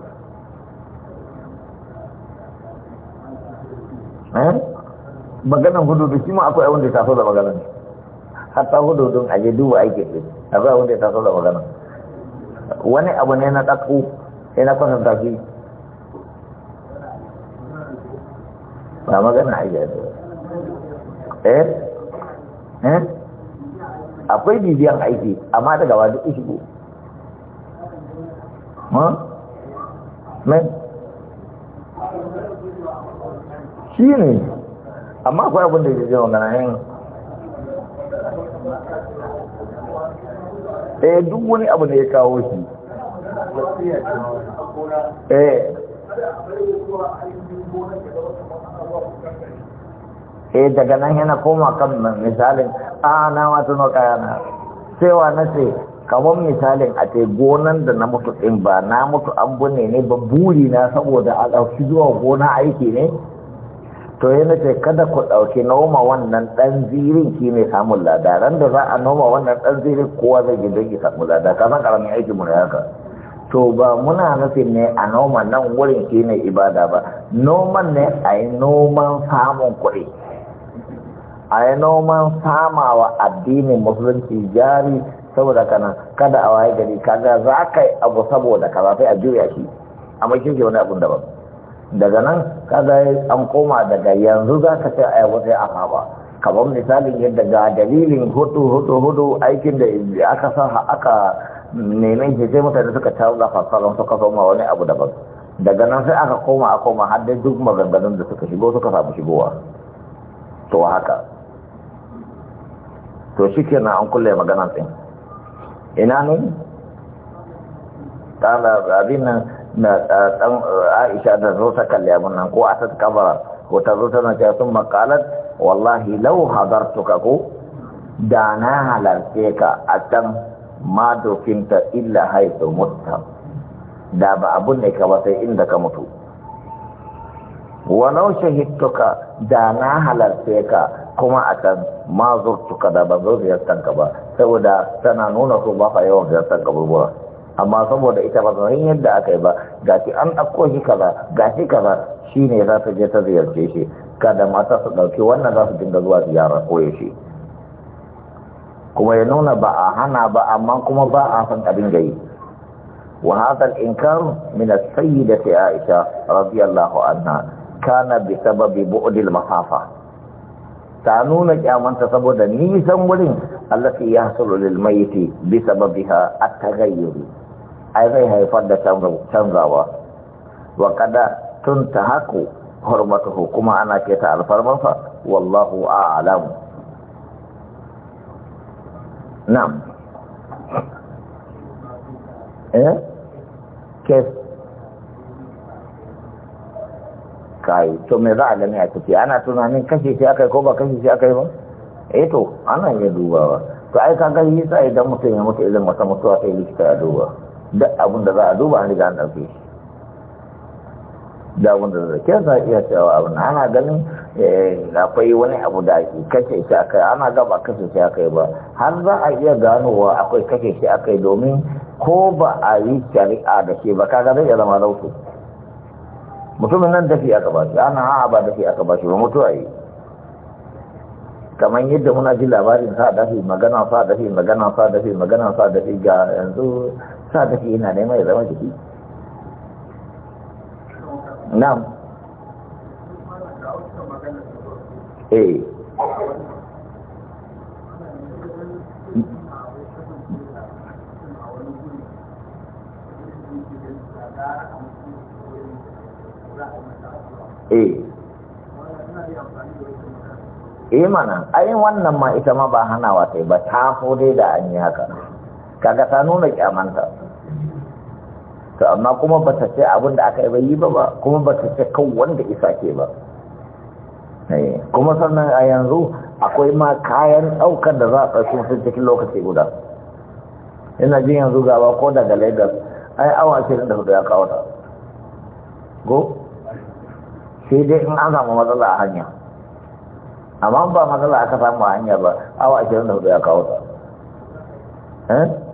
maganan gudu shi ma akwai wanda taso da magana hatta gudu don aje duba aikin din akwai wanda taso da magana wani abu ne na ɗaƙo sai na kwatanta shi ba magana a yi eh? Eh? akwai bibiyan aiki amma daga wa ishigo shi ne amma akwai abin da ya zai wa yin eh duk wani abu ne ya kawo shi eh eh daga nan yana koma kan misalin a na wata noka kayana cewa na ce kamar misalin a ce gonan da na mutu ɗin ba na mutu an bune ne ba buri na saboda a ɗauki zuwa gona aiki ne to yi nace kada ku ɗauki noma wannan ɗan zirin ki ne samun lada ran da za a noma wannan ɗan zirin kowa zai gidan ki samun lada ka san ƙaramin aikin mu ne haka to ba muna nufin ne a noma nan wurin ki ne ibada ba noman ne a yi noman samun kuɗi a yi noman wa addinin musulunci jari saboda kana kada a waye gari kaga za ka yi abu saboda ka za a juya shi a kin ke wani abun daban daga nan kaga an koma daga yanzu za ka ce ai wata a saba kamar misalin yadda ga dalilin hudu hudu hudu aikin da aka sa aka neman shi sai mutane suka da fassaran suka soma wani abu daban daga nan sai aka koma a koma har dai duk maganganun da suka shigo suka samu shigowa to haka to shi kenan an kulle maganan ɗin ina ne? ƙala abin nan na dan Aisha da zo ta kalli abun nan ko a ta kabara ko ta zo tana cewa sun makalat wallahi law hadartuka ko da na halarce ka a can ma dokinta illa haitu mutta da ba abun ne ka ba sai inda ka mutu walau shahidtuka da na halarce ka kuma a can ma zurtuka da ba zo ziyartar ka ba saboda tana nuna su ba ka yawan ziyartar ka amma saboda ita ba zai yadda aka yi ba ga shi an ɗauko shi kaza shi kaza shine za ta je ta ziyarce shi kada mata su ɗauki wannan za su dinga zuwa ziyara koya shi kuma ya nuna ba a hana ba amma kuma ba a san abin da yi wa hada al-inkar min as-sayyidati Aisha radiyallahu anha kana bi sababi bu'dil mahafa ta nuna kyamanta saboda nisan wurin allati yahsulu lil mayiti bi sababiha at-taghayyur ai zai haifar da canzawa wa kada tun ta haku hurmatuhu kuma ana keta alfarmansa wallahu a'lamu na'am eh ke kai to me za a gani a tafi ana tunanin kashe shi aka yi ko ba kashe shi aka yi ba eh to ana iya dubawa to ai ka yi yasa idan mutum ya mutu idan wata mutuwa sai likita ya duba duk abin da za a duba an riga an ɗauke shi da wanda da ke a iya cewa abin ana ganin eh, akwai wani abu da kace shi aka ana gaba kace shi aka ba har za a iya ganowa akwai kace shi aka domin ko ba a yi shari'a da shi ba kaga zai zama rautu mutumin nan dafi aka ba shi ana ha'a ba dafi aka ba shi ba mutuwa yi kamar yadda muna ji labarin sa dafi magana sa dafi magana sa dafi magana sa dafi ga yanzu sa ce ina neman ya zama jiki E! eh eh mana ayin wannan ma ita ma ba hanawa ta yi ba ta dai da an yi haka kaga ta nuna kyamanta to amma kuma ba ta ce abin da aka yi bayi yi ba ba kuma ba ta ce kan wanda isa ke ba eh, kuma sannan a yanzu akwai ma kayan daukar da za a ɗauki sun cikin lokaci guda ina jin yanzu gaba ko daga lagos ai awa ce da hudu ya kawo ta go sai dai in an samu matsala a hanya amma ba matsala aka samu a hanya ba awa ashirin da hudu ya kawo ta eh?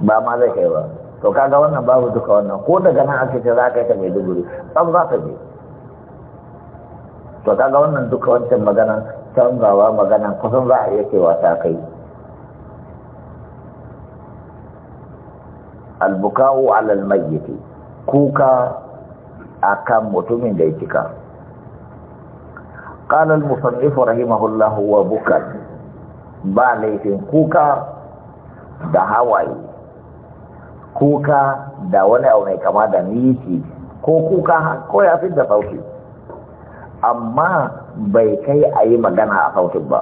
ba ma zai kai ba to kaga wannan babu duka wannan ko daga nan ake ce za ka yi ta mai duguri ɗan za ta je to kaga wannan duka wancan maganan canzawa maganan kusan za a iya cewa ta kai albukawo alal mayyiti kuka akan mutumin da ya cika قال المصنف رحمه الله وبكى ba laifin kuka da hawaye kuka da wani abu mai kama da miti ko kuka ko ya fi da sauki. amma bai kai a yi magana a sautin ba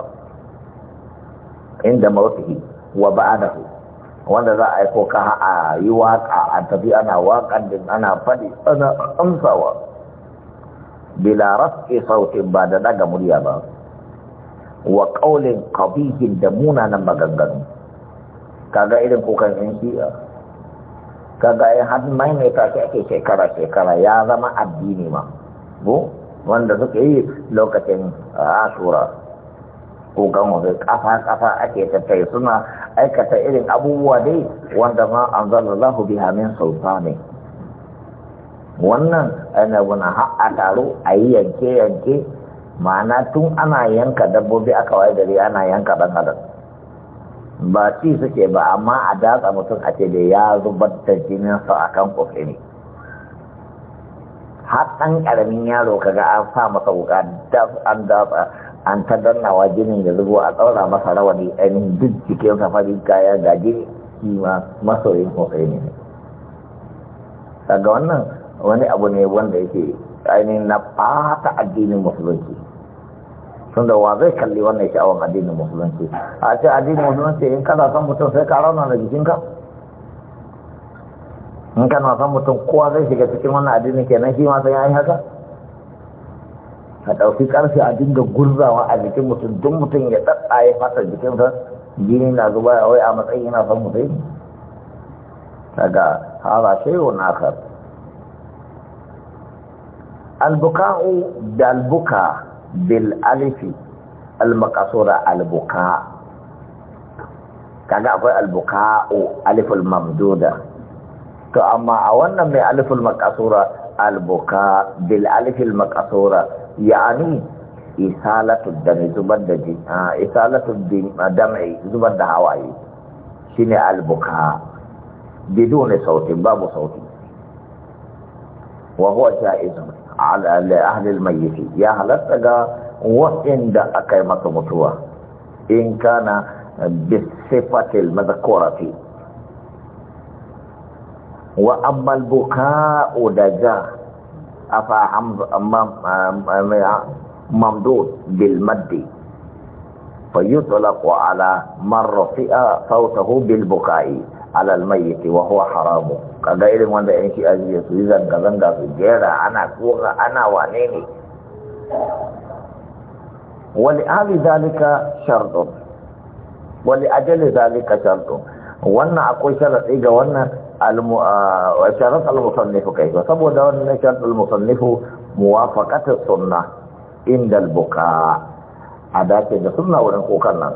inda mawafi wa su, wanda za a yi kuka a yi waka a tafi ana wakan din ana faɗi ana amsawa bila rafi sautin ba da daga murya ba wa ƙaunin kabihin da munanan maganganu kaga irin kukan yan shi'a kaga ai har ta ce ake shekara shekara ya zama addini ma bu wanda suka yi lokacin asura kukan da kafa kafa ake tattai suna aikata irin abubuwa dai wanda ma anzalallahu biha min sultani wannan annabuna har a taro a yi yanke yanke ma'ana tun ana yanka dabbobi aka waye gari ana yanka dan adam ba ci suke ba amma a datsa mutum a ce da ya zubar da jininsa a kan kofi ne har ɗan ƙaramin yaro kaga an sa masa wuka an datsa an ta dannawa jinin da zubo a tsaura masa rawani ainihin duk jikin safari kaya ga jini ma masoyin kofi ne daga wannan wani abu ne wanda yake ainihin na fata addinin musulunci tunda wa zai kalli wannan sha'awan addinin musulunci a ce addinin musulunci in kana son mutum sai ka rauna da jikinka in kana son mutum kowa zai shiga cikin wannan addinin kenan shi ma sai ya yi haka A ɗauki ƙarfi a dinga gurzawa a jikin mutum duk mutum ya ɗaɗa ya jikin jikinsa jini na zuba a wai a matsayin yana son mutum daga hala shehu na akar albuka da albuka bil alifi al-maqsura al-buka kaga akwai al o aliful mamduda to amma a wannan mai aliful makasura al-buka bil alifil maqsura yani isalatu dami zubar da ji isalatu dami zubar da hawaye shine al-buka bidone sautin babu sauti wa huwa jaizun على لأهل الميت يا تجا وإن دا أكيمة متوى إن كان بالصفة المذكورة وأما البكاء دجا أفا ممدود بالمد فيطلق على من رفع صوته بالبكاء alal mayyiti wa huwa haramu kaga irin wanda yan shi ajiye su yi zanga-zanga su jera ana tsoka ana wane ne wani ali zalika shardun wani ajali zalika shardun wannan akwai sharaɗi ga wannan sharat al-musannifu kai ba saboda wannan sharat al-musannifu muwafaqatu sunna inda al-buka a dace da sunna wurin kokan nan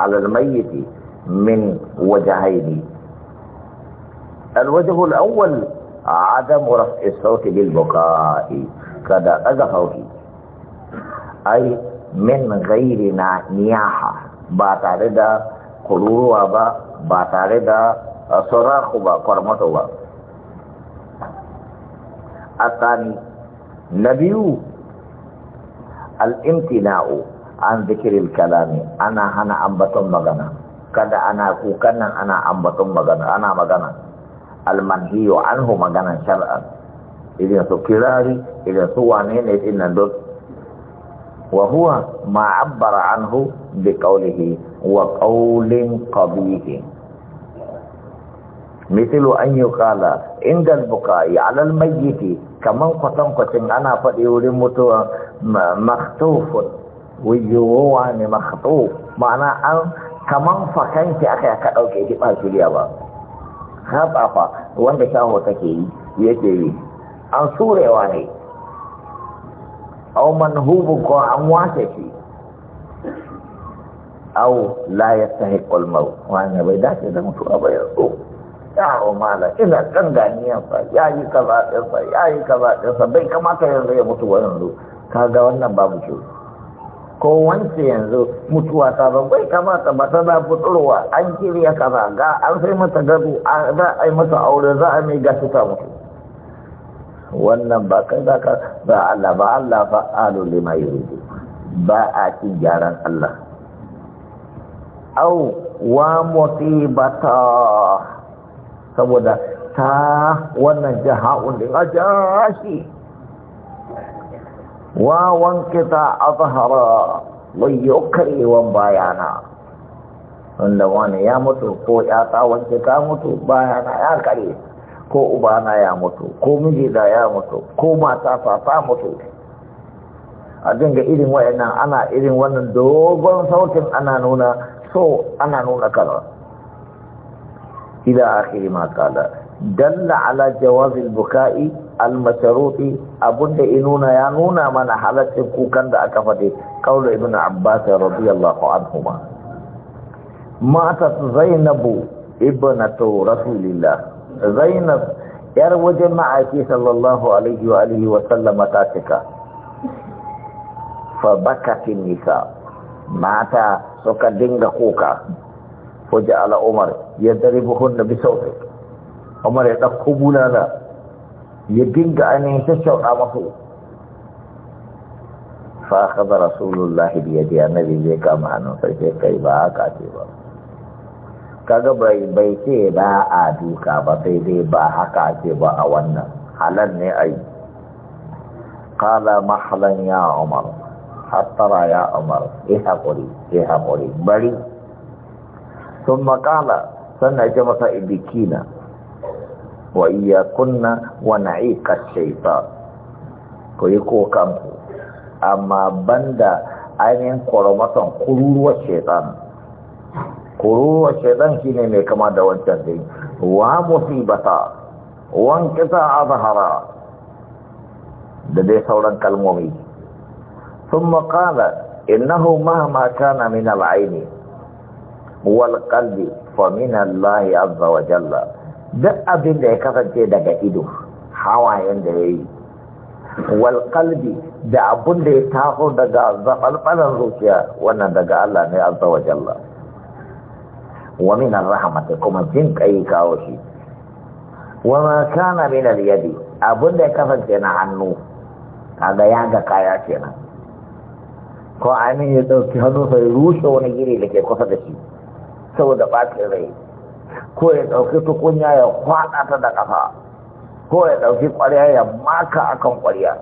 alal mayyiti min wajahaini الوجه الأول عدم رفع الصوت بالبكاء كذا أذى صوتي أي من غير نياحة باتاردا قلوروا با باتاردا صراخ با قرمتوا با الثاني نبيو الامتناع عن ذكر الكلام أنا هنا امبتم مغنى كذا أنا كوكنا أنا امبتم مغنى أنا مغنى almanhi anhu maganan shar'an irin su kirari irin su wane ne din nan duk wa huwa ma abbara anhu bi qawlihi wa qawlin qabih مثل أن يقال عند البكاء على الميت كمن قطن قطن أنا فدي ورمتو مخطوف ويوان مخطوف معنى أن كمن فكنت أخي أكاد أوكي تبقى كليا بقى hatsafa wanda shaho take yi yake yi an surewa ne au hubu ko an wace shi au la yastahiqul mau wani bai dace da mutuwa ba ya yaro mala ina kan ganiyarsa ya yi kaza ɗinsa ya yi kaza ɗinsa bai kamata yanzu ya mutu wa yanzu kaga wannan babu shi ko wance yanzu mutuwa ta ba bai kamata ba ta da fitarwa an kirya kaza ga an sai mata gado za a yi mata aure za a mai gasu ta mutu wannan ba kai za ka ba Allah ba Allah ba alu lima yuridu ba a ci gyaran Allah au wa ta saboda ta wannan jaha'un din a jashi wawan kita azhara wayo karewan bayana wanda wani ya mutu ko ya ta wanke ta mutu bayana ya kare ko ubana ya mutu ko mijida ya mutu ko mata ta mutu a dinga irin wa'annan ana irin wannan dogon sautin ana nuna so ana nuna kaza ila akhiri ma kala dalla ala jawazil bukai almasharuti abunda ya nuna ya nuna mana halaccin kukan da aka faɗi kaulu ibn abbas radiyallahu anhuma matat zainabu ibnatu rasulillah zainab yar wajen ma'aiki sallallahu alaihi wa alihi wa sallama ta cika fa bakatin nisa mata suka dinga kuka waje ala umar ya daribuhun da bisautai umar ya ɗauko bulala ya dinga ainihin shashauɗa masu fa aka ba rasulullahi biya da annabi zai kama hannun sarki kai ba haka ce ba kaga bai bai ce ba a duka ba sai dai ba haka ce ba a wannan halal ne a ai qala mahlan ya umar hattara ya umar eh haƙuri eh haƙuri bari sun makala sannan ya ce masa ibikina wa iyakunna wa na'iqat shaytan ko yi kokan ku amma banda ainihin kwaramaton kururuwar shaitan kururuwar shaitan shi ne mai kama da wancan din wa musibata wan a zahara da dai sauran kalmomi sun makala innahu mahama kana min al'aini wal kalbi fa min Allah azza wa jalla duk abin da ya kasance daga ido hawayen da ya yi wal kalbi da abin da ya taho daga zafalfalar zuciya wannan daga Allah ne azza wa jalla wa rahamata kuma jin kai kawo shi wa kana min al yadi abin da ya kasance na hannu kaga ya ga kaya kenan ko amin ya ɗauki hannu sai rushe wani gini da ke kusa da shi saboda bacin rai ko ya ɗauki tukunya ya kwaɗa ta da ƙafa ko ya ɗauki ƙwarya ya maka akan ƙwarya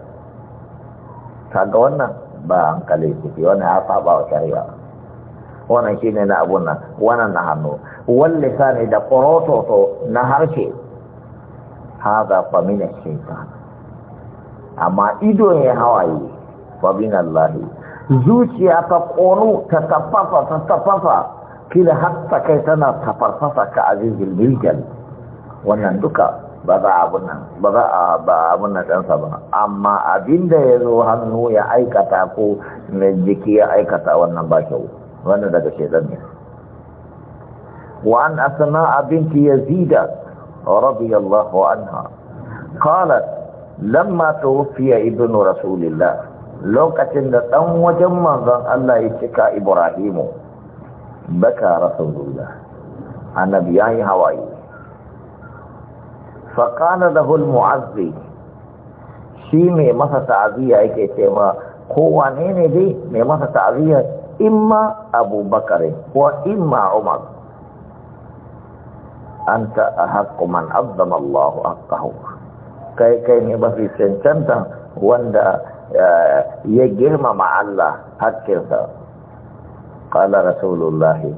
ga wannan ba hankali ciki wannan ya faɓa wa shari'a wannan shine na abun nan wannan na hannu wallisa ne da ƙorototo na harshe haza fa min shaitan amma ido ne hawaye fa min lahi zuciya ta ƙoro ta tafafa ta tafafa kila hatta kai tana tafarfasa ka azizul biljal wannan duka ba za a nan ba za a ba abun nan ɗansa ba amma abinda ya zo hannu ya aikata ko na jiki ya aikata wannan ba kyau wannan daga shaidan ne وعن أسماء بنت يزيد رضي الله عنها قالت لما توفي ابن رسول الله لو كتن دان وجن منزان الله يشكى إبراهيم بكى رسول الله عن ابياه هواي فقال له المعزي شي مي مسا تعزي اي كي تيما هو نيني دي مي مسا تعزي اما ابو بكر واما عمر انت احق من عظم الله حقه كي كاي مي بسي سنتا وندا آه، يجرم مع الله حقه qala rasulullahi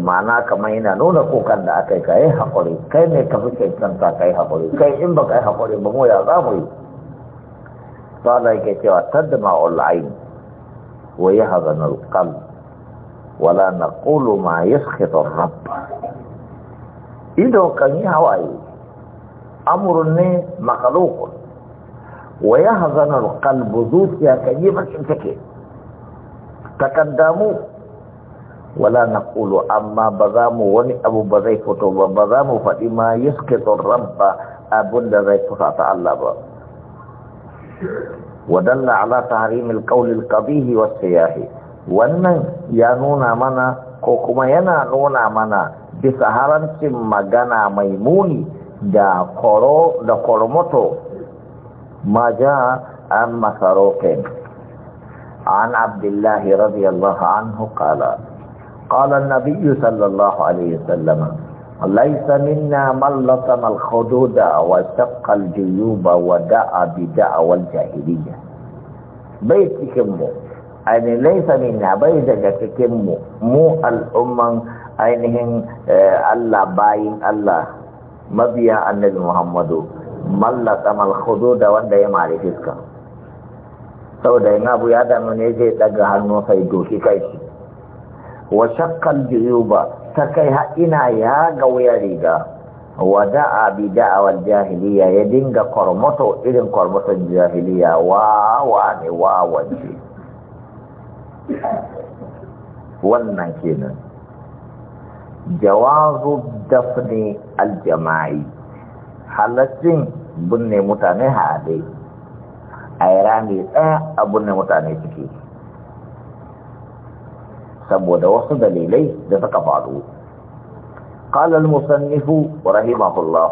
ma'ana kamar yana nuna kokan da aka yi ka yi haƙuri kai ne ka fi cancanta ka yi haƙuri kai in ba ka yi haƙuri ba mu ya za mu yi tsada yake cewa tadda ma'ul'ain wa yi hazanar alƙal. wala na ƙulu ma ya sukitar rabba ido kan yi hawaye amurin ne makalokun wa ya hazanar kalbu zuciya kan yi bakin take takan damu wala na ƙulu amma ba za mu wani abu ba zai fito ba ba za mu faɗi ma yiske tsoron ba abin da zai fusata Allah ba wadalla ala tahrimil kabihi wacce ya siyahi wannan ya nuna mana ko kuma yana nuna mana bisa harancin magana mai muni da da kormoto ma ja an masarokin an abdullahi radiyallahu anhu qala قال النبي صلى الله عليه وسلم ليس منا من لطم الخدود وشق الجيوب ودعا بدعوى الجاهلية بيت كمو أين يعني ليس منا بيت كمو مو الأمم أينهم آه الله باين الله مبيا النبي محمد من لطم الخدود وندي معرفتك سوداء أبو يادم نجي تقهر نوفي دوكي كيشي وشق الجيوب تكي هئنا يا قوي ريقا ودعا بدعا والجاهلية يدنق قرمته إذن قرمته الجاهلية واواني واواني والنكين جواز الدفن الجماعي حلسين بني متانيها دي أيراني أه أبني متانيتكي saboda وصل اليه da suka قال المصنف رحمه الله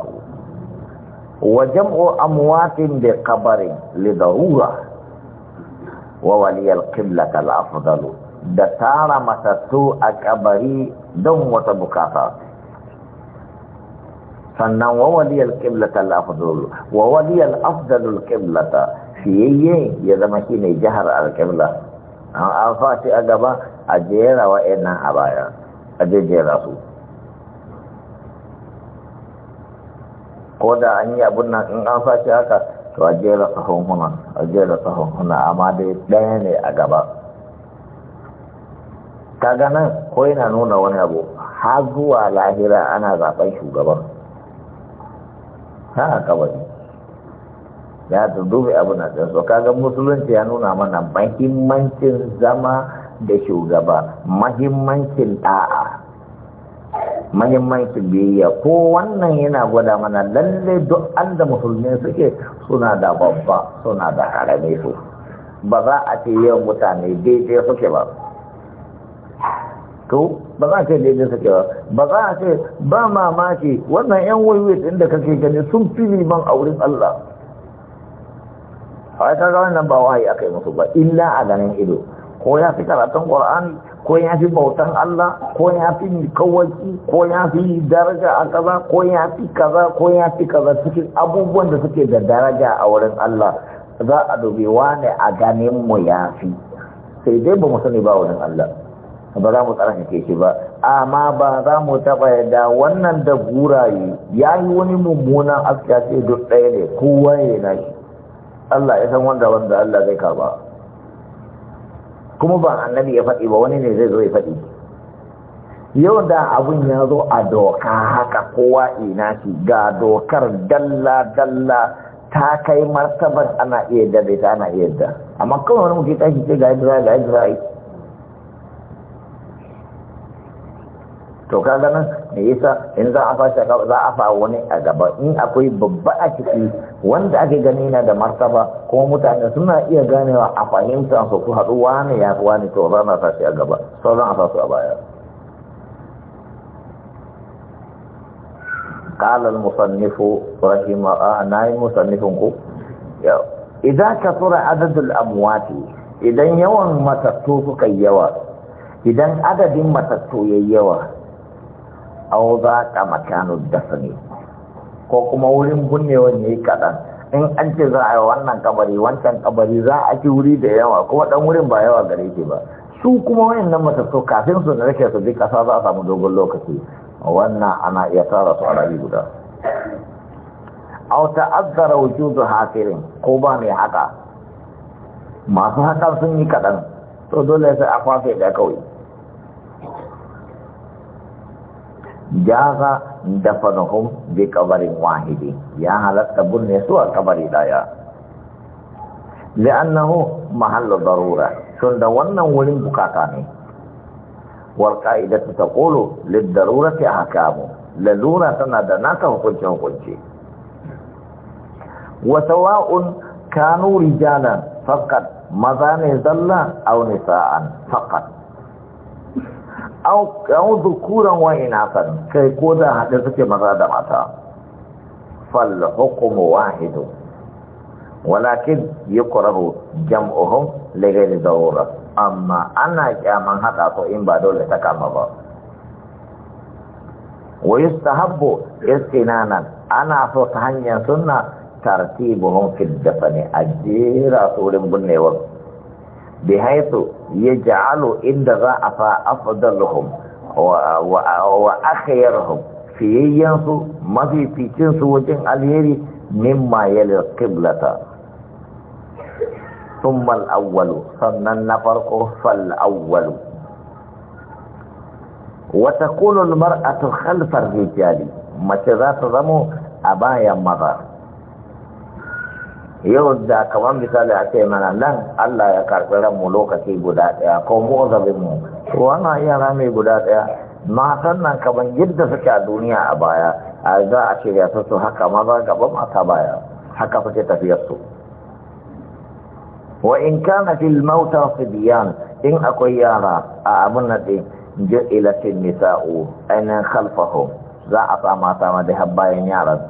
وجمع أموات بقبر لضرورة وولي القبلة الأفضل دتار متتو أكبري دم وتبكاتا فانا وولي القبلة الأفضل وولي الأفضل القبلة في يزمكين جهر القبلة an alfa ce a gaba a jera wa'annan a baya a jejera su ko da an yi abin nan in an face haka to a jera sahun huna a jera sahun huna amma dai ɗaya ne a gaba kaga nan ko yana nuna wani abu har zuwa lahira ana zaɓen shugaban ta a kabari ya dubi abu na da so kaga musulunci ya nuna mana mahimmancin zama da shugaba mahimmancin da'a mahimmancin biyayya ko wannan yana gwada mana lalle duk an da musulmi suke suna da babba suna da karame su ba za a ce yau mutane daidai suke ba to ba za a ce daidai suke ba ba za a ce ba mamaki wannan yan wayoyi inda kake gani sun fi liman a wurin Allah a ka ga wannan ba wahayi aka yi musu ba illa a ganin ido ko ya fi karatun qur'ani ko ya fi bautan Allah ko ya fi kawaki ko ya fi daraja a kaza ko ya fi kaza ko ya fi kaza cikin abubuwan da suke da daraja a wurin Allah za a dubi wane a ganin mu ya fi sai dai ba mu sani ba wurin Allah ba za mu tsara tsarkake shi ba amma ba za mu taɓa yadda wannan da guraye ya yi wani mummunan aska ce duk ɗaya ne kowa ya na shi Allah ya san wanda wanda Allah zai kaba kuma ba annabi ya faɗi ba wani ne zai zo ya faɗi yau da abun ya zo a doka haka kowa ina ki ga dokar dalla-dalla ta kai martabar ana iya daidaita ana iya da amma kawai wani muke tashi ce ga yadda ga yadda to kaga nan me yasa in za a fashi gaba za a fa wani a gaba in akwai babba a ciki wanda ake gani na da martaba kuma mutane suna iya ganewa a fahimta su ku haɗu wani ya fi wani to za na fashi a gaba sauran a fasu a baya قال المصنف رحمه الله ناي مصنفكم idan tura adadul amwati idan yawan matattu suka yawa idan adadin matattu ya yawa Auza ka da dafani ko kuma wurin bunnewa ne kaɗan in an ce za a yi wannan kabari wancan kabari za a ci wuri da yawa kuma ɗan wurin ba yawa gare ke ba su kuma wayannan matattu kafin su da rake su bi kasa za a samu dogon lokaci wannan ana iya tara su a rabi guda au azzara wujudu hasirin ko ba mai haka masu haka sun yi kaɗan to dole sai a kwafe da kawai jaza dafanahum bi ƙabarin wahidi ya halatta bunne su a kabari daya li'annahu mahallu darura tunda wannan wurin bukata ne wal qa'idatu taqulu lid darurati ahkamu lalura tana da naka hukunci hukunci wa sawa'un kanu rijalan faqat maza ne zalla aw nisa'an faqat an zukuran waina inasan kai ko da haɗe suke maza da mata fal hukumu wahidu walakin yukrahu jam'uhum li da darura amma ana kyaman haɗa ko in ba dole ta kama ba wa yustahabbu istinanan ana so ta hanyar suna tarti fil dafani a jera tsorin bunnewar بحيث يجعل إن ضعف أفضلهم وأخيرهم في ينسو ما في في تنسو وجن اليري مما يلي القبلة ثم الأول صنن فرقه فالأول وتكون المرأة خلف الرجال ما تذات ذمو أبايا مضر yau da kamar misali a ce mana nan Allah ya karɓi ranmu lokaci guda ɗaya ko mu mu wannan yara mai guda ɗaya matan nan kamar yadda suke a duniya a baya a za a ce su su haka maza gaba mata baya haka suke tafiyar su wa in kana fil mauta sibiyan in akwai yara a abin nan ila ja'ilatin nisa'u ainihin khalfahum za a sa mata ma da bayan yaran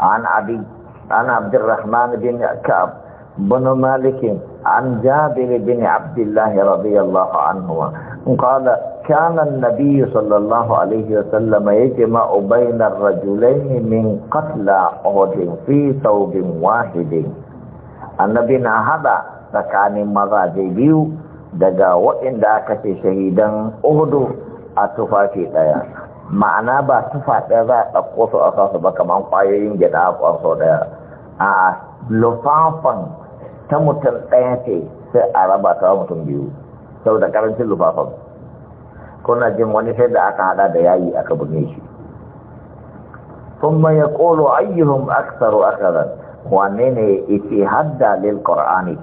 عن عبي عن عبد الرحمن بن كعب بن مالك عن جابر بن عبد الله رضي الله عنهما قال كان النبي صلى الله عليه وسلم يجمع بين الرجلين من قتل أهد في ثوب واحد النبي نهض فكان مضى biyu daga waɗanda aka ce shahidan uhudu a tufafi ɗaya ma'ana ba tufa ɗaya za a ɗauko su a sasu ba kamar ƙwayoyin gyada a ƙwaso ɗaya a lufafan ta mutum ɗaya ce sai a raba ta mutum biyu saboda karancin lufafan kuna jin wani sai da aka hada da yayi aka buge shi sun ya ƙolo ayyuhun aksaru akaran wane ne har hadda lil ƙor'ani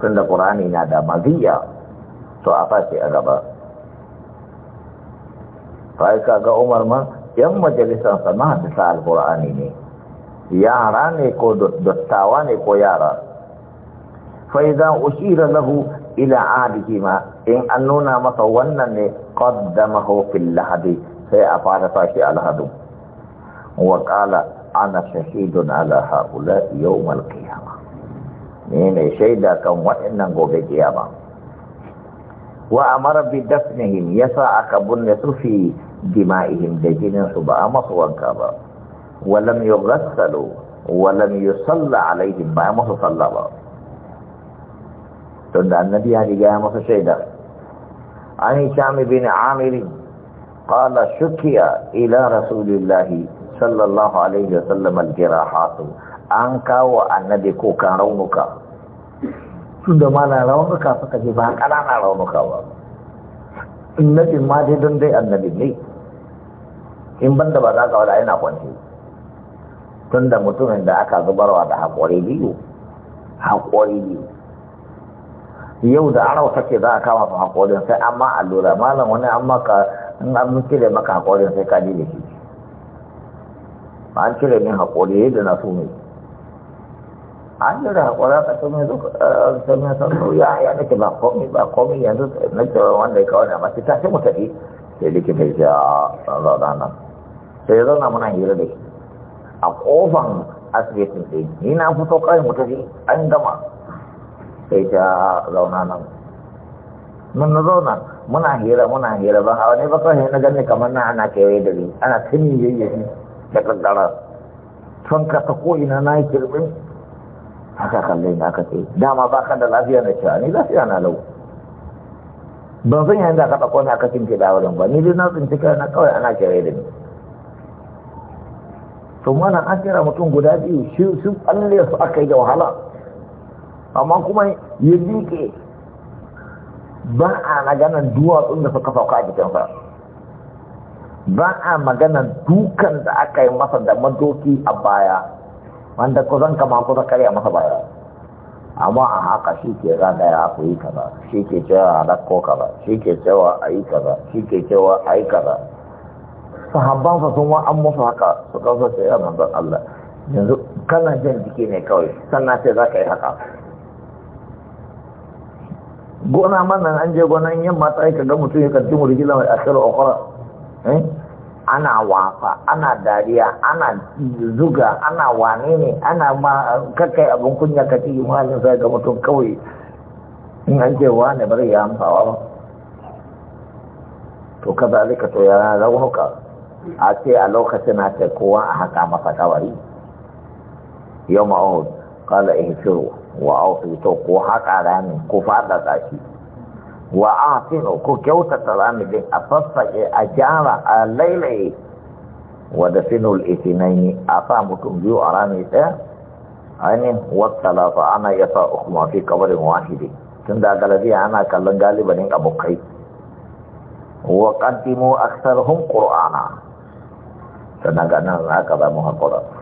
tun da ƙor'ani na da maziya to a fashe a gaba sai kaga Umar ma yan majalisar sama da sa alqur'ani ne yara ne ko dattawa ne ko yara fa idza ushira lahu ila adihi ma in an nuna masa wannan ne qaddamahu fil lahadi sai a fara fashi alhadu wa qala ana shahidun ala haula yawm alqiyamah ne ne shaida kan waɗannan gobe kiyama wa amara bi dafnihim yasa aka bunne su fi dima'ihim da jinin su ba a masu wanka ba walam yughassalu walam yusalla alaihim ba a masu sallah ba don da annabi ya riga ya masa shaida an hisham bin amir qala shukiya ila rasulillah sallallahu alaihi wasallam al-jirahat an kawo annabi ko kan raunuka tun da na raunuka suka ji ba ƙanana raunuka ba annabin ma dai don dai annabi ne in banda ba za ka wada yana kwanci tun da mutumin da aka zubarwa da haƙori biyu haƙori biyu yau da arau take za a kama su haƙorin sai an ma allura malam wani an maka in an cire maka haƙorin sai ka ji da shi ba an cire min haƙori yadda na so mai an yi da haƙura ka sun yanzu sun yi sun ya ya nake ba komi ba komi yanzu na cewa wanda ya kawo da masu tashi mu tafi sai likita ya ce a zauna nan sai ya zauna muna hira da shi a ƙofan asibitin sai ni na fito kawai mu tafi an gama sai ta zauna nan mun na zauna muna hira muna hira ban hawa ne ba kawai na gani kamar na ana kewaye da ni ana tuni yayyafi da kankara tun ka ta ko'ina na yi kirbin haka kalle ne aka ce dama ba ka da lafiya na cewa ni lafiya na lau ban san yanzu da ka ɗauko na kacin ke da wurin ba ni dai na tsinci kai na kawai ana kere da ni to mana an kira mutum guda biyu shi su tsalle su aka yi da wahala amma kuma ya liƙe ba a maganan duwatsun da suka sauka a jikinsa ba a maganan dukan da aka yi masa da madoki a baya wanda kusan kama kusa a masa baya amma a haka shi ke zagaya ku yi kaza shi ke cewa a rakko kaza shi ke cewa a yi kaza shi ke cewa a yi kaza sahabbansa sun wa an musu haka su kasa ce ya manzan Allah yanzu kana jan jiki ne kawai sannan ce za ka yi haka gona man nan an je gonan yamma ta aika ga mutum ya kanti murgila mai ashirar okwara eh? ana wafa ana dariya ana zuga ana wane ne ana ma kakai abin kunya ka cikin halin sai ga mutum kawai in an ce wane bari ya amfawa ba to kaza zai ka toya raunuka a ce a lokacin na ta kowa a haka masa kawari yau ma'ahud kala in shiru wa aufi to ko haka ramin ko fada tsaki. wa afinu ku kyautata lamidin a sassaƙe a gyara a lailaye wadda da finul itinaini a sa mutum biyu a rami ɗaya ainihin wasalafa ana ya sa uku mafi kabarin wahidi tun da galabiya ana kallon galibanin abokai wa aksar aksarhum ƙur'ana sannan ganin aka zama haƙura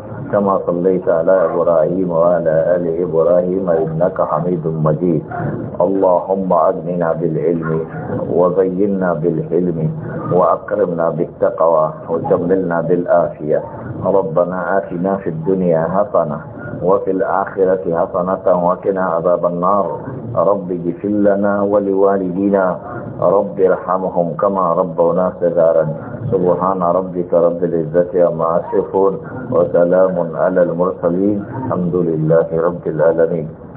كما صليت على إبراهيم وعلى آل إبراهيم إنك حميد مجيد اللهم أغننا بالعلم وزيننا بالحلم وأكرمنا بالتقوى وجملنا بالآفية ربنا آتنا في الدنيا حسنة وفي الآخرة حسنة وقنا عذاب النار رب اغفر لنا ولوالدينا رب ارحمهم كما ربونا صغارا سبحان ربك رب العزة عما يصفون وسلام على المرسلين الحمد لله رب العالمين